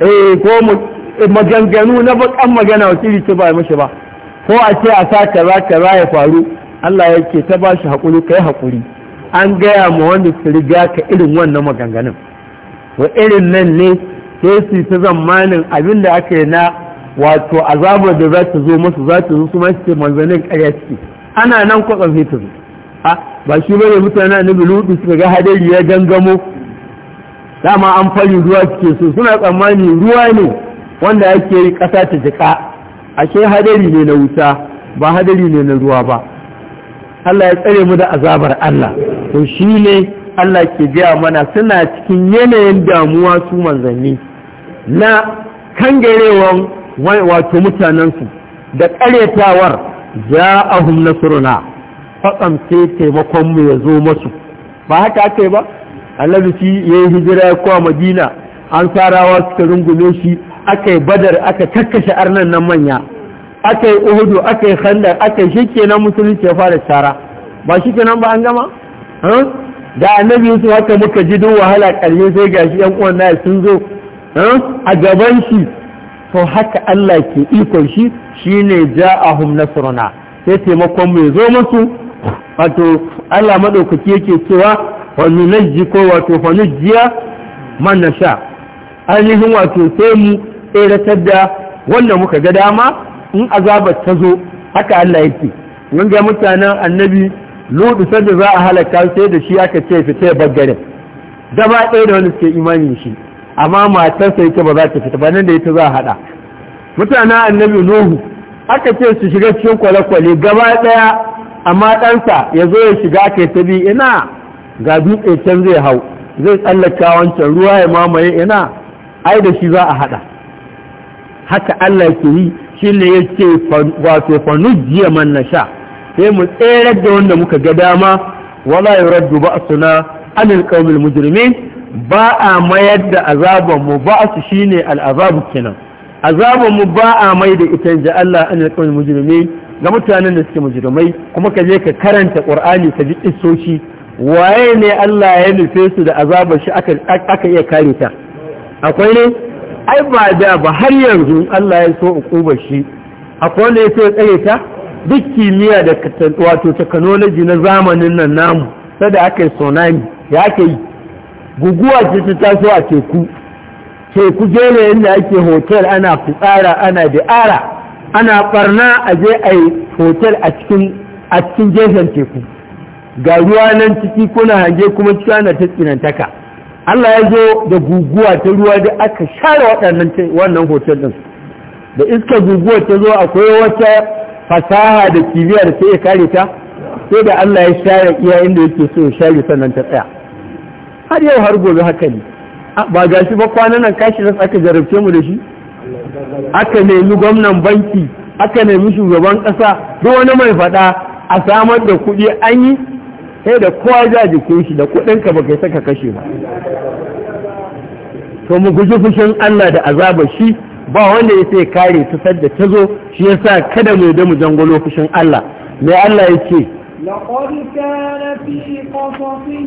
eh ko eh, maganganu na bakan magana wasu ce ba ya mashi ba ko a ce a sa kaza kaza ya faru Allah ya yake ta ba shi haƙuri kai haƙuri an gaya ma wanda su riga ka irin wannan maganganun wa irin nan ne sai su ta zamanin abin da aka yi na wato azabar da za ta zo masu za ta zo su masu ce manzannin ƙarya ciki ana nan kwatsam sai ta zo ba shi bane mutane na biludu suka ga hadari ya gangamo dama an fari ruwa cike so suna tsammani ruwa ne wanda yake yi ƙasa ta jika ashe hadari ne na wuta ba hadari ne na ruwa ba Allah ya tsare mu da azabar Allah to shi ne Allah ke gaya mana suna cikin yanayin damuwa su manzanni na kangarewan wato mutanensu da ƙaretawar za a fatsam suruna taimakon mu ya zo masu ba haka ake ba annabi ya yi hijira ya kowa madina an sarawa suka rungume shi aka yi badar aka kakkashe arnan nan manya aka yi uhudu aka yi khandar aka yi shikenan musulunci ya fara tara ba shikenan ba an gama da annabi yusuf haka muka ji duk wahala ƙarshe sai gashi yan uwan na sun zo a gaban shi to haka Allah ke ikon shi shine ja'ahum nasruna sai taimakon mai zo masu wato Allah madaukaki yake cewa wa nunajji ko wato fa jiya man nasha ainihin wato sai mu tseratar da wanda muka ga dama in azabar ta zo haka Allah yake mun ga mutanen annabi ludu sanda za a halaka sai da shi aka ce fice bagare gaba ɗaya da wani suke imanin shi amma matarsa yake ba za ta fita ba nan da ita za a haɗa mutanen annabi nuhu aka ce su shiga cikin kwale-kwale gaba ɗaya amma ɗansa ya zo ya shiga aka ta bi ina ga dutse can zai hau zai tsallaka wancan ruwa ya mamaye ina ai da shi za a haɗa haka Allah ke yi shi ne ya ce wato jiya man na sha sai mu tserar da wanda muka ga dama wala yi raddu ba suna anil qaumil mujrimin ba a mayar da azabanmu ba su shi ne al'azabu kenan azabanmu ba a mai da ita ji Allah an alƙawar mujirmai ga mutanen da suke mujirmai kuma ka je ka karanta ƙur'ani ka ji isoshi waye ne Allah ya nufe su da azabar shi aka iya kare ta akwai ne ai ba da ba har yanzu Allah ya so ukubar shi akwai ne ya so ta duk kimiyya da wato technology na zamanin nan namu sada aka yi tsunami ya aka yi guguwa ce ta taso a teku teku jere yadda ake hotel ana fitsara ana da'ara ana barna a je a yi hotel a cikin gefen teku ga ruwa nan ciki kuna hange kuma ciki ana ta tsinantaka Allah ya zo da guguwa ta ruwa da aka share waɗannan wannan hotel ɗin da iska guguwa ta zo akwai wata fasaha da da sai ya kare ta sai da Allah ya share iya da yake so ya share sannan ta tsaya har yau har gobe haka ne ba ga shi ba kwanan nan kashi nan aka jarabce mu da shi aka nemi gwamnan banki aka nemi shugaban kasa duk wani mai faɗa a samar da kuɗi an yi sai da kowa ja ko shi da kuɗinka ba kai saka kashe ba to mu guji fushin Allah da azabar shi ba wanda ya sai kare ta sadda ta zo shi yasa kada mu da mu jangolo fushin Allah mai Allah ya ce لقد كان في قصصهم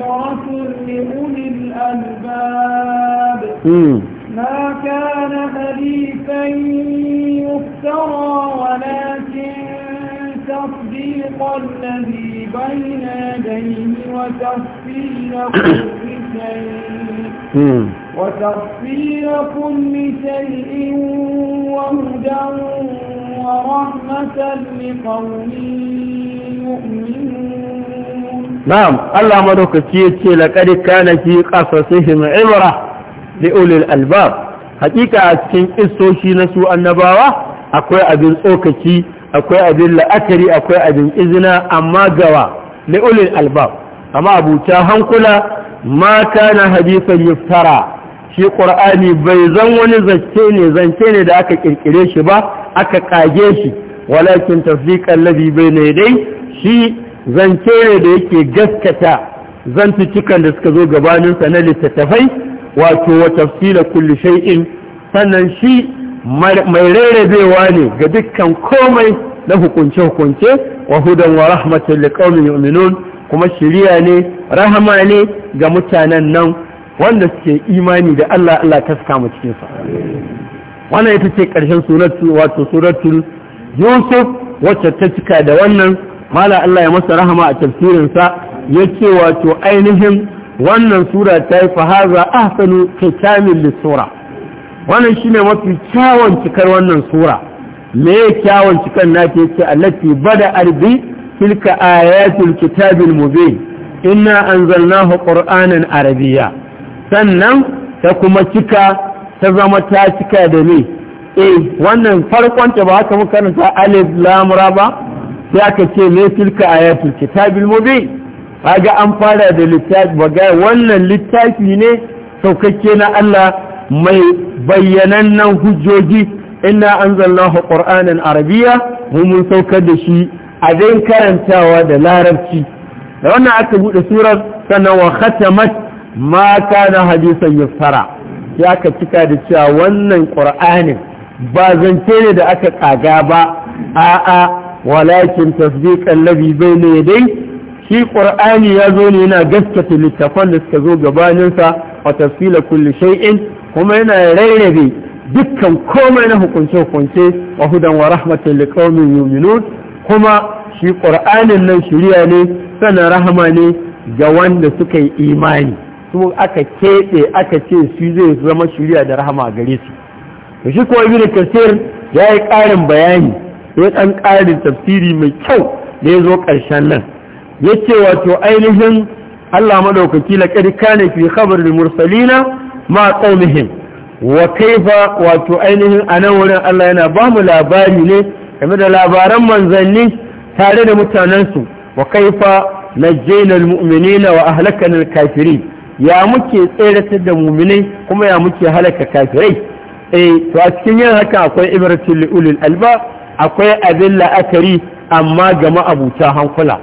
عبرة لأولي الألباب ما كان حديثا يفترى ولكن وتصديق الذي بين يديه وتفصيل كل شيء وتفصيل كل شيء وهدى ورحمة لقوم يؤمنون نعم الله مدوك تيتي لقد كان في قصصهم عبرة لأولي الألباب حقيقة أتكين إسوشي نسو النباوة akwai abin tsokaci akwai abin la'akari akwai abin izina amma gawa li'ulil albab amma abuta hankula mata na hadisan yuftara shi ƙur'ani bai zan wani zance ne zance ne da aka ƙirƙire shi ba aka ƙage shi walakin tafsikan labi bai ne shi zance ne da yake gaskata zantucikan da suka zo gabaninsa na littattafai wato wa tafsila kulli shay'in sannan shi mai rarrabewa ne ga dukkan komai na hukunce-hukunce wa hudan wa rahmatin liƙaunin yominun kuma shirya ne rahama ne ga mutanen nan wanda suke imani da Allah Allah ta samu cikinsa wannan ita ce ƙarshen suratu wato suratul yusuf wacce ta cika da wannan mala Allah ya masa rahama a tafsirinsa ya ce wato ainihin wannan sura ta yi fahaza ahsanu kitamin lissura wannan shine mafi kyawun cikar wannan sura me kyawun cikar nake ce allati bada arbi tilka ayatul kitabil mubin inna anzalnahu qur'anan arabiyya sannan ta kuma cika ta zama ta cika da ne eh wannan farkon ta ba haka muka karanta alif lam ra ba sai aka ce me tilka ayatul kitabil mubin kaga an fara da littafi ga wannan littafi ne saukakke na Allah mai bayyanannan hujjoji inna an qur'anan ƙur'anin arabiya, mun saukar da shi a dai karantawa da larabci da wannan aka bude surar sannan wa khatamat ma kana hadisan yusara ya ka cika da cewa wannan ƙur'anin ba zance ne da aka kaga ba a'a walakin tasdiqan ladhi bayna yadayhi shi ƙur'ani ya zo ne yana gaskata littafan da suka zo gabaninsa a tafsila kulli shay'in kuma yana rairabe dukkan komai na hukunce-hukunce wa hudan wa rahmatin liƙaunin yuminun kuma shi ƙur'anin nan shirya ne sannan rahama ne ga wanda suka yi imani su aka keɓe aka ce su zai zama shirya da rahama gare su da shi kuwa ibn kasir ya yi ƙarin bayani ya ɗan ƙarin tafsiri mai kyau da ya zo ƙarshen nan ya ce wato ainihin allah maɗaukaki laƙarƙa ne fi khabar da mursalina ma qaumihim wa kaifa wato ainihin anan wurin Allah yana ba mu labari ne game da labaran manzanni tare da mutanensu wa kaifa mumini almu'minina wa ahlakana kafiri ya muke tseratar da mu'minai kuma ya muke halaka kafirai eh to a cikin yin haka akwai ibaratun ulul alba akwai abin la'akari amma ga ma'abuta hankula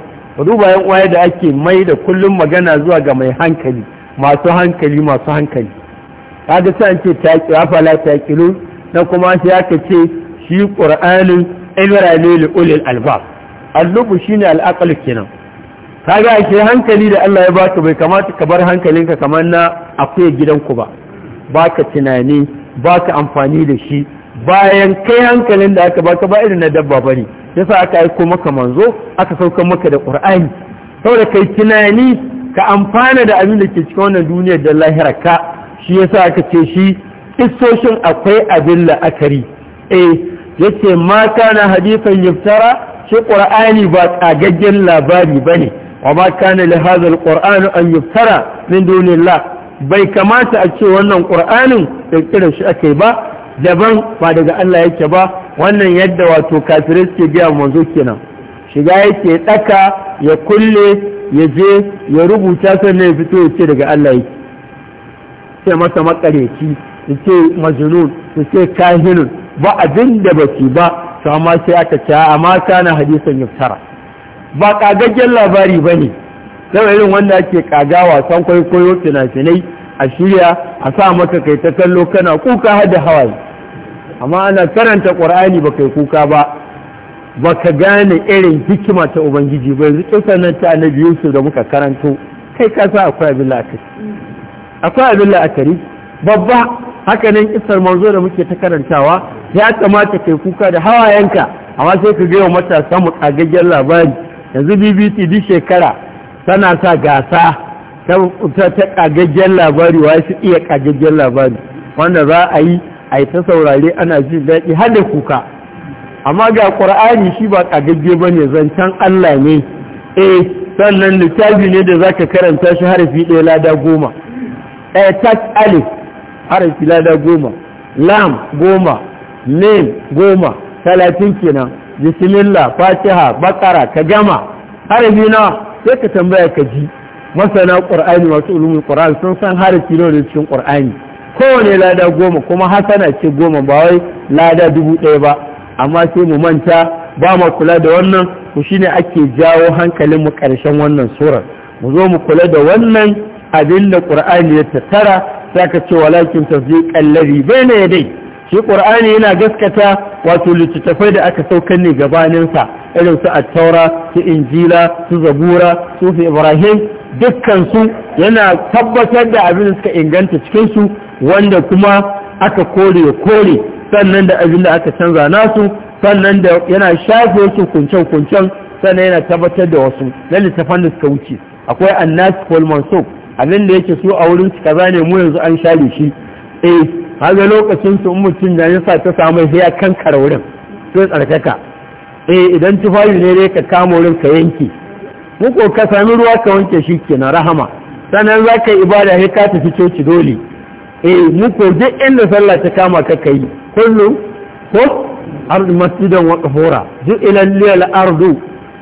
duba yan uwaye da ake mai da kullum magana zuwa ga mai hankali masu hankali masu hankali kaga sai an ce ta la ta kiru na kuma sai aka ce shi qur'ani ibra ne li ulil albab allubu shine al-aqal kenan kaga ake hankali da Allah ya baka bai kamata ka bar hankalinka kamar na akwai ku ba baka tunani baka amfani da shi bayan kai hankalin da aka baka ba irin na dabba bane yasa aka aiko maka manzo aka saukar maka da qur'ani saboda kai tunani ka amfana da abin da ke cikin wannan duniyar da lahirarka shi sa aka ce shi istoshin akwai abin la'akari eh, ya ce ma na hadifan yiftara shi ƙur'ani ba tsagaggen labari ba ne wa ma ka na hadha alquran an yuftara min la bai kamata a ce wannan qur'anin ƙirar shi aka yi ba daban ba daga Allah yake ba wannan yadda wato kafirai suke biya manzo kenan shiga yake daka ya kulle ya je ya rubuta sannan ya fito ya ce daga Allah yake ce masa makareci su ce majnun su ce kahinun ba abin da ba su ba su amma sai aka a amma na hadisan yuftara ba kagaggen labari ba ne zama irin wanda ake kaga wasan kwaikwayo fina-finai a shirya a sa maka kai ta kallo kana kuka har da hawaye amma ana karanta ƙur'ani ba kai kuka ba ba ka gane irin hikima ta ubangiji ba yanzu kisan nan ta annabi yusuf da muka karanto kai ka sa akwai abin lafiya akwai abin la'akari babba hakanan kisar manzo da muke ta karantawa ya kamata kai kuka da hawayenka amma sai ka gaya matasa mu kagaggen labari yanzu bbc duk shekara tana sa gasa ta kagaggen labari wa su iya kagaggen labari wanda za a yi a yi ta saurare ana jin daɗi har da kuka amma ga ƙur'ani shi ba kagagge ba ne zancen allah ne eh sannan littafi ne da za ka karanta shi harafi ɗaya lada goma ɗaya alif harafi lada goma lam goma mim goma talatin kenan bismillah fatiha bakara ka gama harafi na sai ka tambaya ka ji masana ƙur'ani masu ulumin ƙur'ani sun san harin nawa ne cikin ƙur'ani kowane lada goma kuma hasana ce goma ba wai lada dubu ɗaya ba amma sai mu manta ba mu kula da wannan ku shine ake jawo hankalin mu ƙarshen wannan surar mu zo mu kula da wannan abin da ƙur'ani ya tattara za ka ce walakin ƙallari bai ya yadai shi ƙur'ani yana gaskata wato littattafai da aka saukan ne gabaninsa. sa irin su taura su injila su zabura su fi ibrahim dukkansu yana tabbatar da abin da suka inganta cikinsu wanda kuma aka kore kore sannan da abin da aka canza nasu sannan da yana shafe su kuncen kuncen sannan yana tabbatar da wasu na littattafan da suka wuce akwai annas wal abin da yake so a wurin su kaza ne mu yanzu an share shi eh haga lokacin su in mutum sa ta samu sai ya kankara wurin sai tsarkaka eh idan tufafi ne dai ka kama wurin ka yanke mu ko ka sami ruwa ka wanke shi kenan rahama sannan za ka yi ibada sai ka tafi coci dole eh mu ko duk inda sallah ta kama ka kai kullum ko ardu masjidan wa tahura duk ila ardu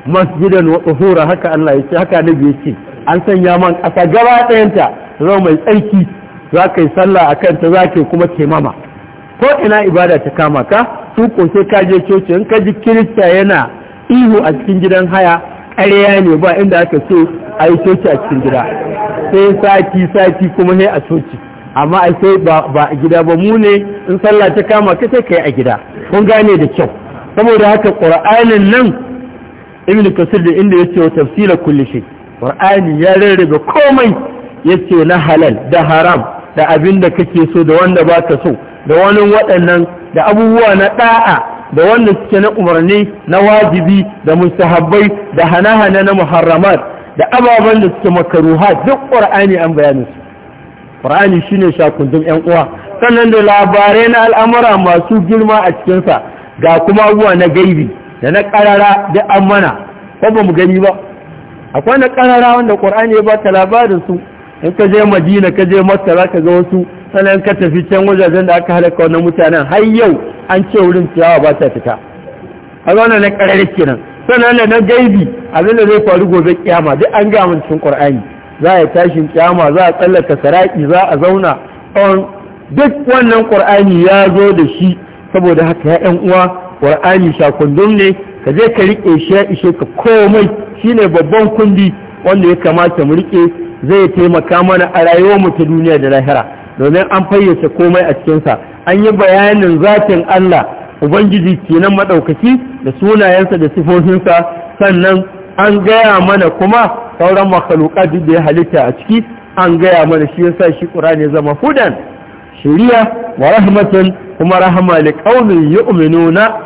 masjidan wa haka Allah ya ce haka nabi ya ce an sanya man ƙasa gaba ɗayanta zama mai tsarki za ka yi sallah a kanta za ka kuma taimama ko ina ibada ta kama ka su ko sai ka je coci in ka ji kirista yana ihu a cikin gidan haya ƙarya ne ba inda aka so a yi coci a cikin gida sai sati sati kuma sai a coci amma a sai ba a gida ba mu ne in sallah ta kama ka sai ka yi a gida kun gane da kyau saboda haka ƙur'anin nan ibn kasir da inda ya ce wa tafsila kulli shi ƙur'ani ya rarrabe komai yace na halal da haram da abin da kake so da wanda ba so da wani waɗannan da abubuwa na ɗa'a da wanda suke na umarni na wajibi da mustahabbai da hana-hana na muharramat da ababen da suke makaruha duk ƙur'ani an bayanin su ƙur'ani shine shakundun ƴan uwa sannan da labarai na al'amura masu girma a cikinsa ga kuma abubuwa na gaibi da na ƙarara da an ko ba mu gani ba akwai na ƙarara wanda ƙwar'ani ya ba ta labarin su in ka je majina ka je masu za ka ga wasu sannan ka tafi can wajajen da aka halaka wannan mutanen har yau an ce wurin ciyawa ba ta fita a zauna na ƙararri kenan sannan da na gaibi abinda zai faru gobe kiyama duk an ga mun ƙwar'ani qur'ani za a yi tashin kiyama za a tsallaka saraki za a zauna duk wannan qur'ani ya zo da shi saboda haka ya'yan uwa sha shakundun ne ka je ka riƙe shi ya ishe ka komai ne babban kundi wanda ya kamata mu riƙe zai taimaka mana a rayuwar ta duniya da lahira domin an fayyace komai a cikinsa, an yi bayanin zatin Allah ubangiji kenan maɗaukaki da sunayensa da sifofinsa sannan an gaya mana kuma sauran duk da ya halitta a ciki an gaya mana shi yasa shi qur'ani zama hudan shiriya wa rahmatan kuma rahama li yu'minuna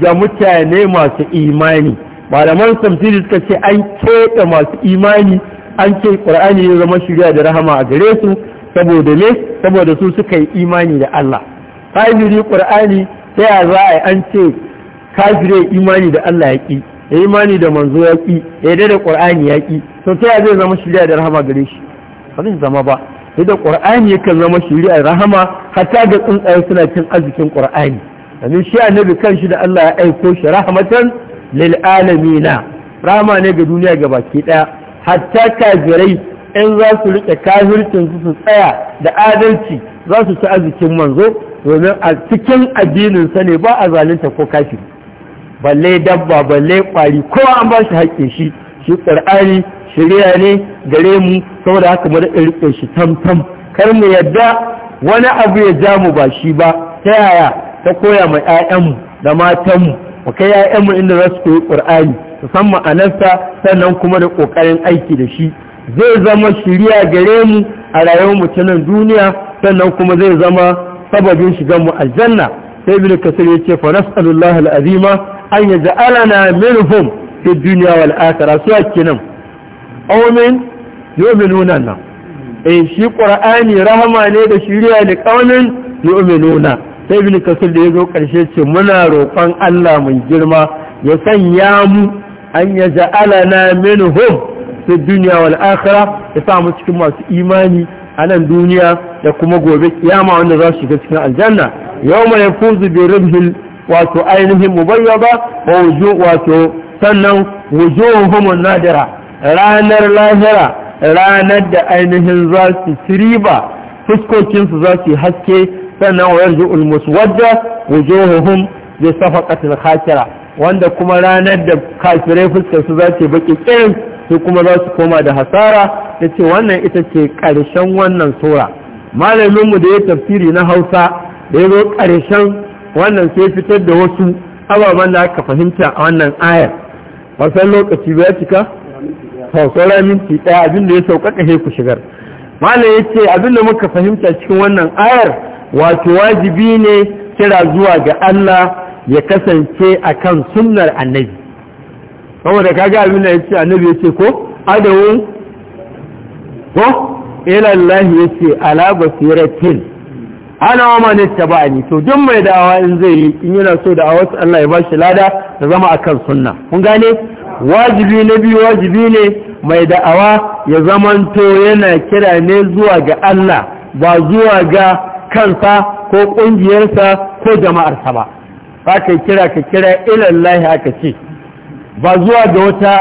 ga mutane masu imani malaman samtiri suka ce an keɓe masu imani an ce ƙur'ani ya zama shirya da rahama a gare su saboda ne saboda su suka yi imani da Allah kafiri ƙur'ani ta ya za a yi an ce kafire imani da Allah ya ƙi ya imani da manzo ya ƙi ya da ƙur'ani ya ƙi to ta ya zai zama shirya da rahama gare shi ba zai zama ba sai da ya yakan zama shirya da rahama hatta ga tsuntsaye suna cin arzikin ƙur'ani domin shi annabi kanshi da Allah ya aiko shi rahmatan lil alamina rahama ne ga duniya ga baki daya hatta kafirai in za su rike kafircin su su tsaya da adalci za su ci azikin manzo domin a cikin addinin sa ne ba a zalunta ko kafiri balle dabba balle kwari kowa an ba shi haƙƙin shi shi qur'ani shari'a ne gare mu saboda haka mu da rike shi tamtam kar mu yadda wani abu ya jamu ba shi ba ta yaya ta koya mai 'ya'yanmu da matanmu mu kai 'ya'yanmu inda za su koyi ƙur'ani musamman san ma'anarsa sannan kuma da ƙoƙarin aiki da shi zai zama shirya gare mu a rayuwar mu ta nan duniya sannan kuma zai zama sababin shigan mu aljanna sai ibnu ya yace fa nas'alullahi al'azima an yaj'alana minhum fi dunya wal akhirah su kenan awmin nuna nan eh shi qur'ani rahama ne da shiriya ne qaumin nuna. sai bin kasar da ya zo ƙarshe ce muna roƙon Allah mai girma ya sanya mu an ya ja'alana minhum su duniya wal akhirah ya sa mu cikin masu imani a nan duniya da kuma gobe kiyama wanda za su shiga cikin aljanna mai yafuzu bi ribhil wato ainihin mubayyaba wa wujuh wato sannan wujuhum nadira ranar lahira ranar da ainihin za su riba fuskokinsu za su haske sannan wa yarju'ul muswadda wujuhuhum bi safaqatil khasira wanda kuma ranar da kafirai fuskar su zace baki kirin su kuma za su koma da hasara yace wannan ita ce karshen wannan sura malamin mu da ya tafsiri na Hausa da ya zo karshen wannan sai fitar da wasu ababan da aka fahimta a wannan ayar wasan lokaci bai cika saura minti ɗaya da ya ka ku shigar malam ya ce abinda muka fahimta cikin wannan ayar wato wajibi ne kira zuwa ga Allah ya kasance a kan sunnar annabi saboda kaga abin da yace annabi ce ko adawu ko ila Allah ce ala ana wa man ni to duk mai da'awa in zai yi in yana so da'awa Allah ya shi lada da zama a kan sunna kun gane wajibi na biyu wajibi ne mai da'awa ya zamanto yana kira ne zuwa ga Allah ba zuwa ga kansa ko ƙungiyarsa ko jama'arsa ba ba ka kira ka kira ilallahi aka ce ba zuwa da wata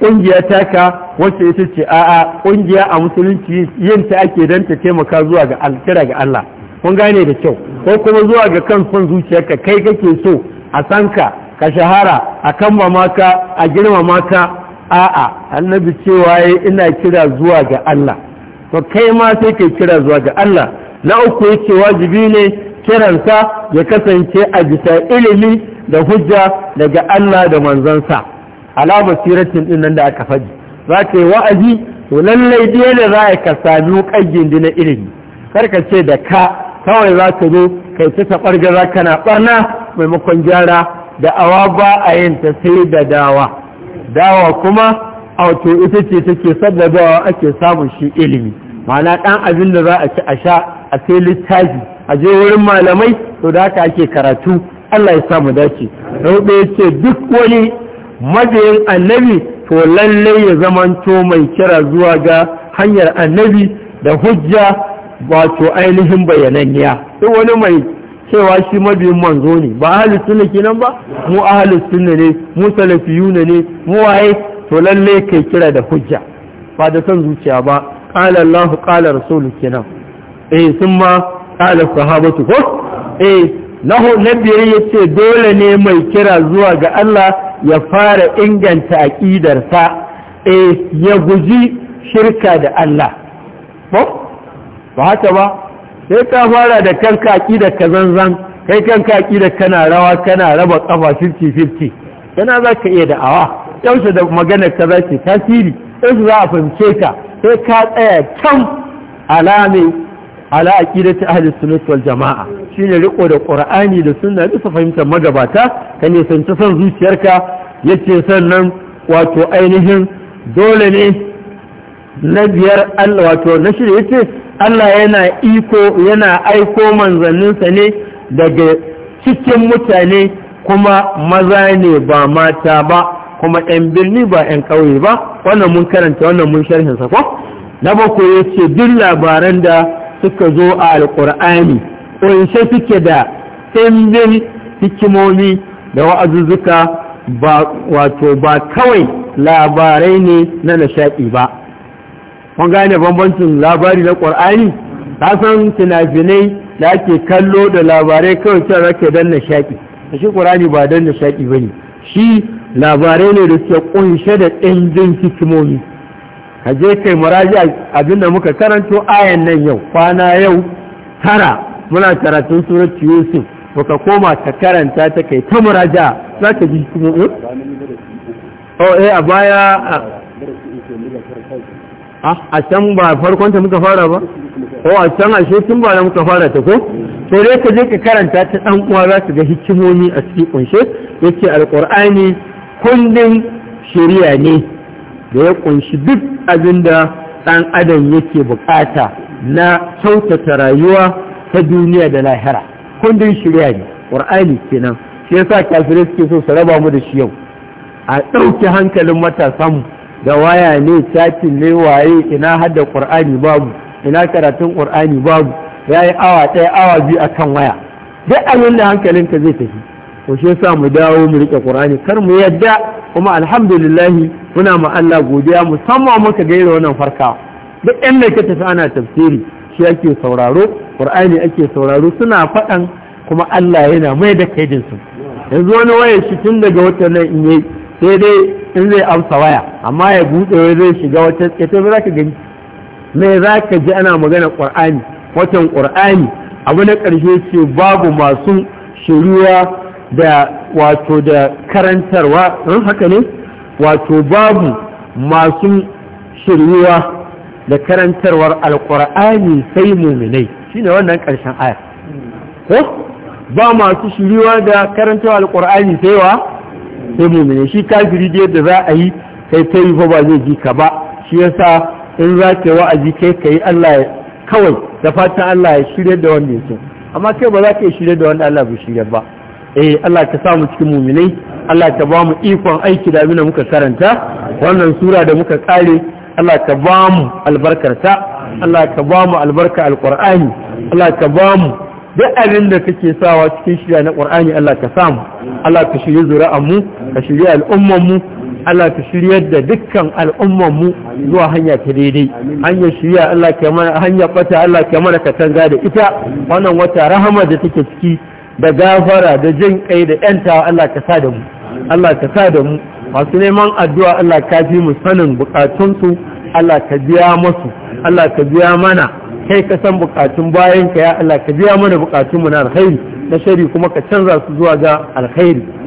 ƙungiya taka wacce ita ce a'a ƙungiya a musulunci yin ta ake don ta taimaka zuwa ga kira ga Allah kun gane da kyau ko kuma zuwa ga kan son zuciyarka kai kake so a san ka ka shahara a kan mamaka a girmama ka a'a annabi cewa ina kira zuwa ga Allah to kai ma sai ka kira zuwa ga Allah na uku yake wajibi ne kiransa ya kasance a bisa ilimi da hujja daga Allah da manzansa alama siratin din nan da aka faɗi za ka yi wa'azi to lallai dai da za ka sami din na ilimi kar ka ce da ka kawai za ka zo kai ta taɓar na kana ɓarna maimakon gyara da awa ba a yin ta sai da dawa dawa kuma a wato ita ce take sababawa ake samun shi ilimi ma'ana ɗan abin da za a ci a sha a sai littafi a je wurin malamai to da haka ake karatu Allah ya samu dace rauɗe ce duk wani mabiyin annabi to lallai ya zamanto mai kira zuwa ga hanyar annabi da hujja wato ainihin bayananniya duk wani mai cewa shi mabiyin manzo ne ba ahli sunna kenan ba mu ahli sunna ne mu salafiyuna ne mu waye to lallai kai kira da hujja ba da son zuciya ba qala Allahu qala rasulu kenan eh sun ma ala sahabatu ko oh, eh nahu na biyar ya ce dole ne mai kira zuwa ga Allah ya fara inganta aƙidarsa eh ya guji shirka da Allah ko ba haka ba sai ka fara da kanka aqidar ka zanzan kai kanka aqidar kana rawa kana raba kafa 50-50 yana zaka ka iya da'awa yaushe da maganar ka zaki tasiri yaushe za a fahimce ka sai ka tsaya can alamai ala aqidati ahli sunnah wal jamaa shine riko da qur'ani da sunna bisa fahimtar magabata ka ne san ta san zuciyarka yace sannan wato ainihin dole ne na biyar Allah wato na shirye yace Allah yana iko yana aiko sa ne daga cikin mutane kuma maza ne ba mata ba kuma ɗan birni ba ɗan ƙauye ba wannan mun karanta wannan mun sharhin sa ko na bakwai yace duk labaran da suka zo a alƙur'ani ƙunshe suke da ɗimbin hikimomi da wa'azuzzuka ba wato ba kawai labarai ne na nishaɗi ba kun gane bambancin labari na ƙur'ani san finafinai da ake kallo da labarai kawai can rake don nishaɗi da shi ƙur'ani ba don nishaɗi ba ne shi labarai ne da suke ƙunshe da ɗimbin hikimomi haje je kai muraji abinda muka karanto ayan nan yau kwana yau tara muna karatun surat yusuf muka koma ta karanta ta kai ta muraja za ka ji kuma eh? oh eh a baya a ah, can ba farkon ta muka fara ba o oh, a can ashe tun ba da muka fara ta ko to dai ka je ka karanta ta dan uwa za ka ga hikimomi a cikin kunshe yake alqur'ani kullun shari'a ne da ya ƙunshi duk abin da ɗan adam yake buƙata na kyautata rayuwa ta duniya da lahira kundin shirya ne ƙur'ani kenan shi yasa kafirai suke so su raba mu da shi yau a ɗauki hankalin matasan da waya ne cacin ne waye ina hada ƙur'ani babu ina karatun ƙur'ani babu ya yi awa ɗaya awa biyu a kan waya duk abin da hankalinka zai tafi to shi yasa mu dawo mu rike qur'ani kar mu yadda kuma alhamdulillah muna ma Allah godiya musamman muka gaira wannan farka duk ɗan da tafi ana tafsiri shi ake sauraro qur'ani ake sauraro suna faɗan kuma Allah yana mai da kaidin su yanzu wani waya shi tun daga wata nan in yi sai dai in zai amsa waya amma ya buɗe wai zai shiga wata ita za ka gani me za ka ji ana magana qur'ani watan qur'ani abu na ƙarshe ce babu masu shiruwa da wato da karantarwa haka ne wato babu masu shiryuwa da karantarwar alkur'ani sai muminai ne wannan ƙarshen aya ko ba masu shirwa da karantarwar alkur'ani sai wa sai muminai shi kafiri da yadda za a yi kai ta yi ba zai ji ka ba shi ya sa in za ka wa'azi kai ka yi Allah ya kawai da fatan Allah ya shirya da wanda ya so amma kai ba za ka yi shirya da wanda Allah bai shirya ba eh Allah ka samu cikin muminai Allah ka ba mu ikon aiki da abinda muka karanta wannan sura da muka kare Allah ka ba mu albarkar ta. Allah ka ba mu albarka alqur'ani Allah ka ba mu duk abin da kake sawa cikin shirya na qur'ani Allah ka samu Allah ka shirye zuri'an mu ka shirye al'umman mu Allah ka shirya da dukkan al'umman mu zuwa hanya ta daidai hanya shirya Allah ka mana hanya fata Allah ka mana ka tanga da ita wannan wata rahama da take ciki da gafara da jin kai da yantawa Allah ka sa da mu Allah ka sa da mu masu neman addu'a Allah ka fi mu sanin bukatunsu Allah ka biya masu Allah ka biya mana kai ka san bukatun bayan ka ya Allah ka biya mana bukatunmu na alkhairi na shari kuma ka canza su zuwa ga alkhairi